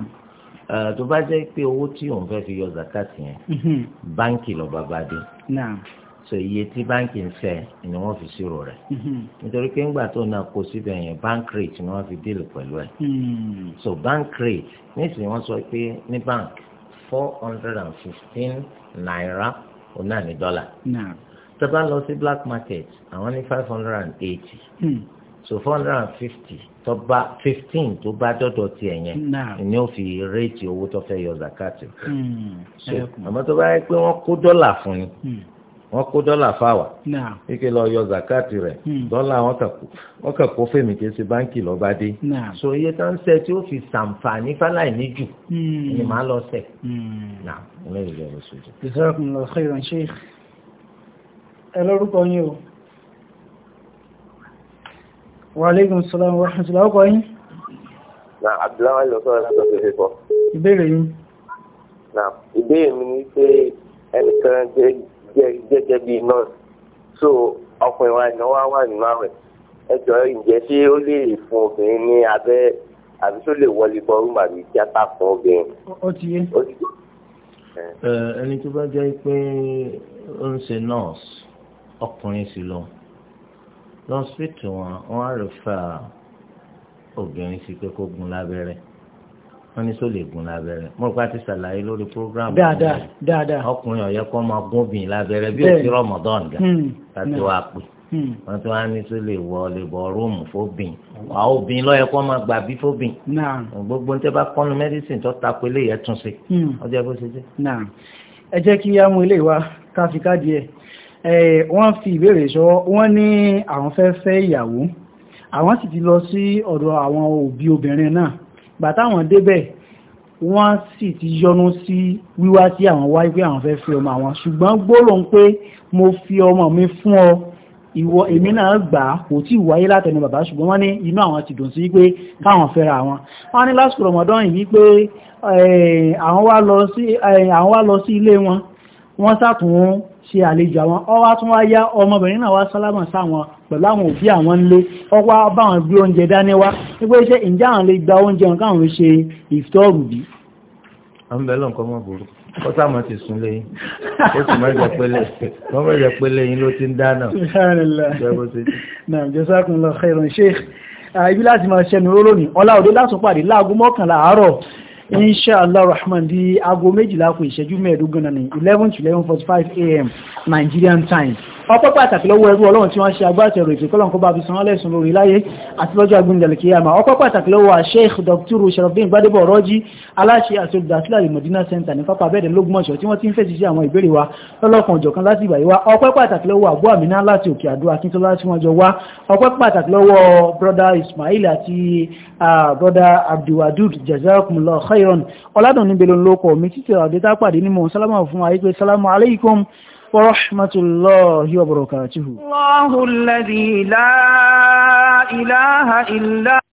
tó bá jẹ́ pé owó tí òun fẹ́ fi yọ zakat yẹn mhm. báńkì lọ́ba bá dé so iye tí báńkì ń fẹ́ ni wọ́n fi ṣírò rẹ̀ mm-hmm. nítorí pé ńgbà tó náà kó síbẹ̀ yẹn bank rate ni wọ́n fi díìlì pẹ̀lú ẹ̀ mm-hmm. so bank rate nísìnyí wọ́n sọ pé ní bank four hundred and fifteen naira ó náà ní dọ́là tó lọ sí black market àwọn ní five hundred and eighty hmm. so four hundred and fifty tó fifteen tó bá dọ́dọ̀ tiẹ̀ yẹn ni ó fi réètì owó tó fẹ́ yọ zakati hmm. àmọ́ tó bá yẹ pé wọ́n kó dọ́là fún ni. Hmm wọ́n kó dọ́là fáwà kíkẹ́ lọ yọ zakati rẹ̀ hmm. dọ́là wọ́n kà kó fèmí kí ṣe báńkì lọ́ba dé so iye tó ń sẹ tí ó fi ṣàǹfààní fáláì ní jù hmm. ni màá lọ sẹ. Hmm. jazakumullahu khairan sheikh ẹ lórúkọ yín o wa aleykum salaam wa rahmatulah ọkọ yín. na abdullahi lọ sọ̀rọ̀ láti ọ̀sẹ̀ fífọ́. ìbéèrè yín. na ìbéèrè mi ni pé ẹnìkan jẹ́ gẹ́gẹ́ bí nọ́ọ̀sì so ọkùnrin wa ni wọ́n wà nínú àwẹ̀ ẹjọ́ ǹjẹ́ ṣé ó lè fún obìnrin ní abẹ́ àbí tó lè wọlé bọ́ọ̀rùm àbí tíátà fún obìnrin. ó ti yé ẹni tó bá jẹ́ pé ó ń ṣe nọ́ọ̀sì ọkùnrin sí lọ lọ́sítì wọn wọ́n á rẹ̀ fà obìnrin sí pé kó gun lábẹ́rẹ́ wọ́n ní sọ lè gún lábẹ́rẹ́ mo rò pé a ti ṣàlàyé lórí program. dáadáa dáadáa. ọkùnrin ọ̀yẹ́ kọ́ máa gún obìnrin lábẹ́rẹ́ bí òsì rọmọdán ga láti hmm. wá pè hmm. wọ́n tún wá ní sọ lè wọ lè bọ rúùmù fóbìn wà obìnrin lọ́yẹ kọ́ máa gbà bí fóbìn. gbogbo ní tẹ́ bá kọ́nu mẹ́dísìn tó takò eléyẹ tún sí. ọjọ́ hmm. bó ṣe jẹ́. ẹ jẹ́ kí á mú ilé wa ká fi ká díẹ̀ wọ́n fi ìbéèrè ṣọwọ́ wọ́n ní àwọn fẹ́ fẹ́ ìyàwó àwọn sì ti lọ sí ọ̀dọ̀ àwọn òbí obìnrin náà gbàtàwọn débẹ̀ wọ́n sì ti yọnu sí wíwá sí àwọn wáyé pé àwọn fẹ́ fi ọmọ àwọn ṣùgbọ́n gbólóhùn pé mo fi ọmọ mi fún ọ ìwọ èmi náà gbà kò tí wáyé látẹnu bàbá ṣùgbọ́n wọ́n ní inú àwọn ti dùn sí pé káwọn fẹ́ra àwọn wọ́n ní lásìkò rọmọdán yìí pé eh, eh, àwọn wá lọ sí ilé wọn wọ́n sàtún ṣe àlejò àwọn ọwá tún wá yá ọmọbìnrin náà wá sálámà sáwọn pẹ̀lú àwọn òbí àwọn ńlé ọwá báwọn bí oúnjẹ dání wá nígbé iṣẹ́ ìjá àwọn lè gba oúnjẹ nǹkan àwọn ṣe ìfitọ́rù bí. àwọn bẹ̀rẹ̀ nǹkan mọ̀ burú kó sáà máa ti sùn lẹ́yìn ó sì máa jẹ pélé wọ́n máa jẹ pélé yín ló ti ń dáná inshallah rahman di aago méjìlá kù ìṣẹ́jú mẹ́ẹ̀ẹ́dógún náà ní eleven to eleven forty a.m. Nigerian time ọpẹ́ pàtàkì lọ́wọ́ ẹrú ọlọ́run tí wọ́n ṣe agbátẹrù ètò ìkọlọ́nkọ́ bá fi san án lẹ́sùn lórí láyé àti lọ́jọ́ agbóhùndẹ̀lẹ̀ kíyàmá ọpẹ́ pàtàkì lọ́wọ́ Sheikh Dr. Sharafdin Gbadebo Rọ́jí aláṣẹ àti olùdásílẹ̀ àlìmọ̀dínà center ní pápá abẹ́ẹ̀dẹ̀ lógúnmọ̀ṣọ́ tí wọ́n ti ń fèsì sí àwọn ìbéèrè wa lọ́lọ́kan òjọ̀kan láti ìgbà yíwá ọpẹ́ pàtàkì lọ́wọ́ àbú àmìnà láti òkè àdó akíntola tí wọ́n jọ wá ọpẹ́ pàtàkì lọ́wọ́ broda Ismail àti broda Abdulwadud jazakumullahu khairan ọládùn níbelò ńlọkọ̀ mi títẹ̀ àdétápàdé ní mọ̀ sálámà fún ayé pé sálámà alaykum ورحمة الله وبركاته الله الذي لا إله إلا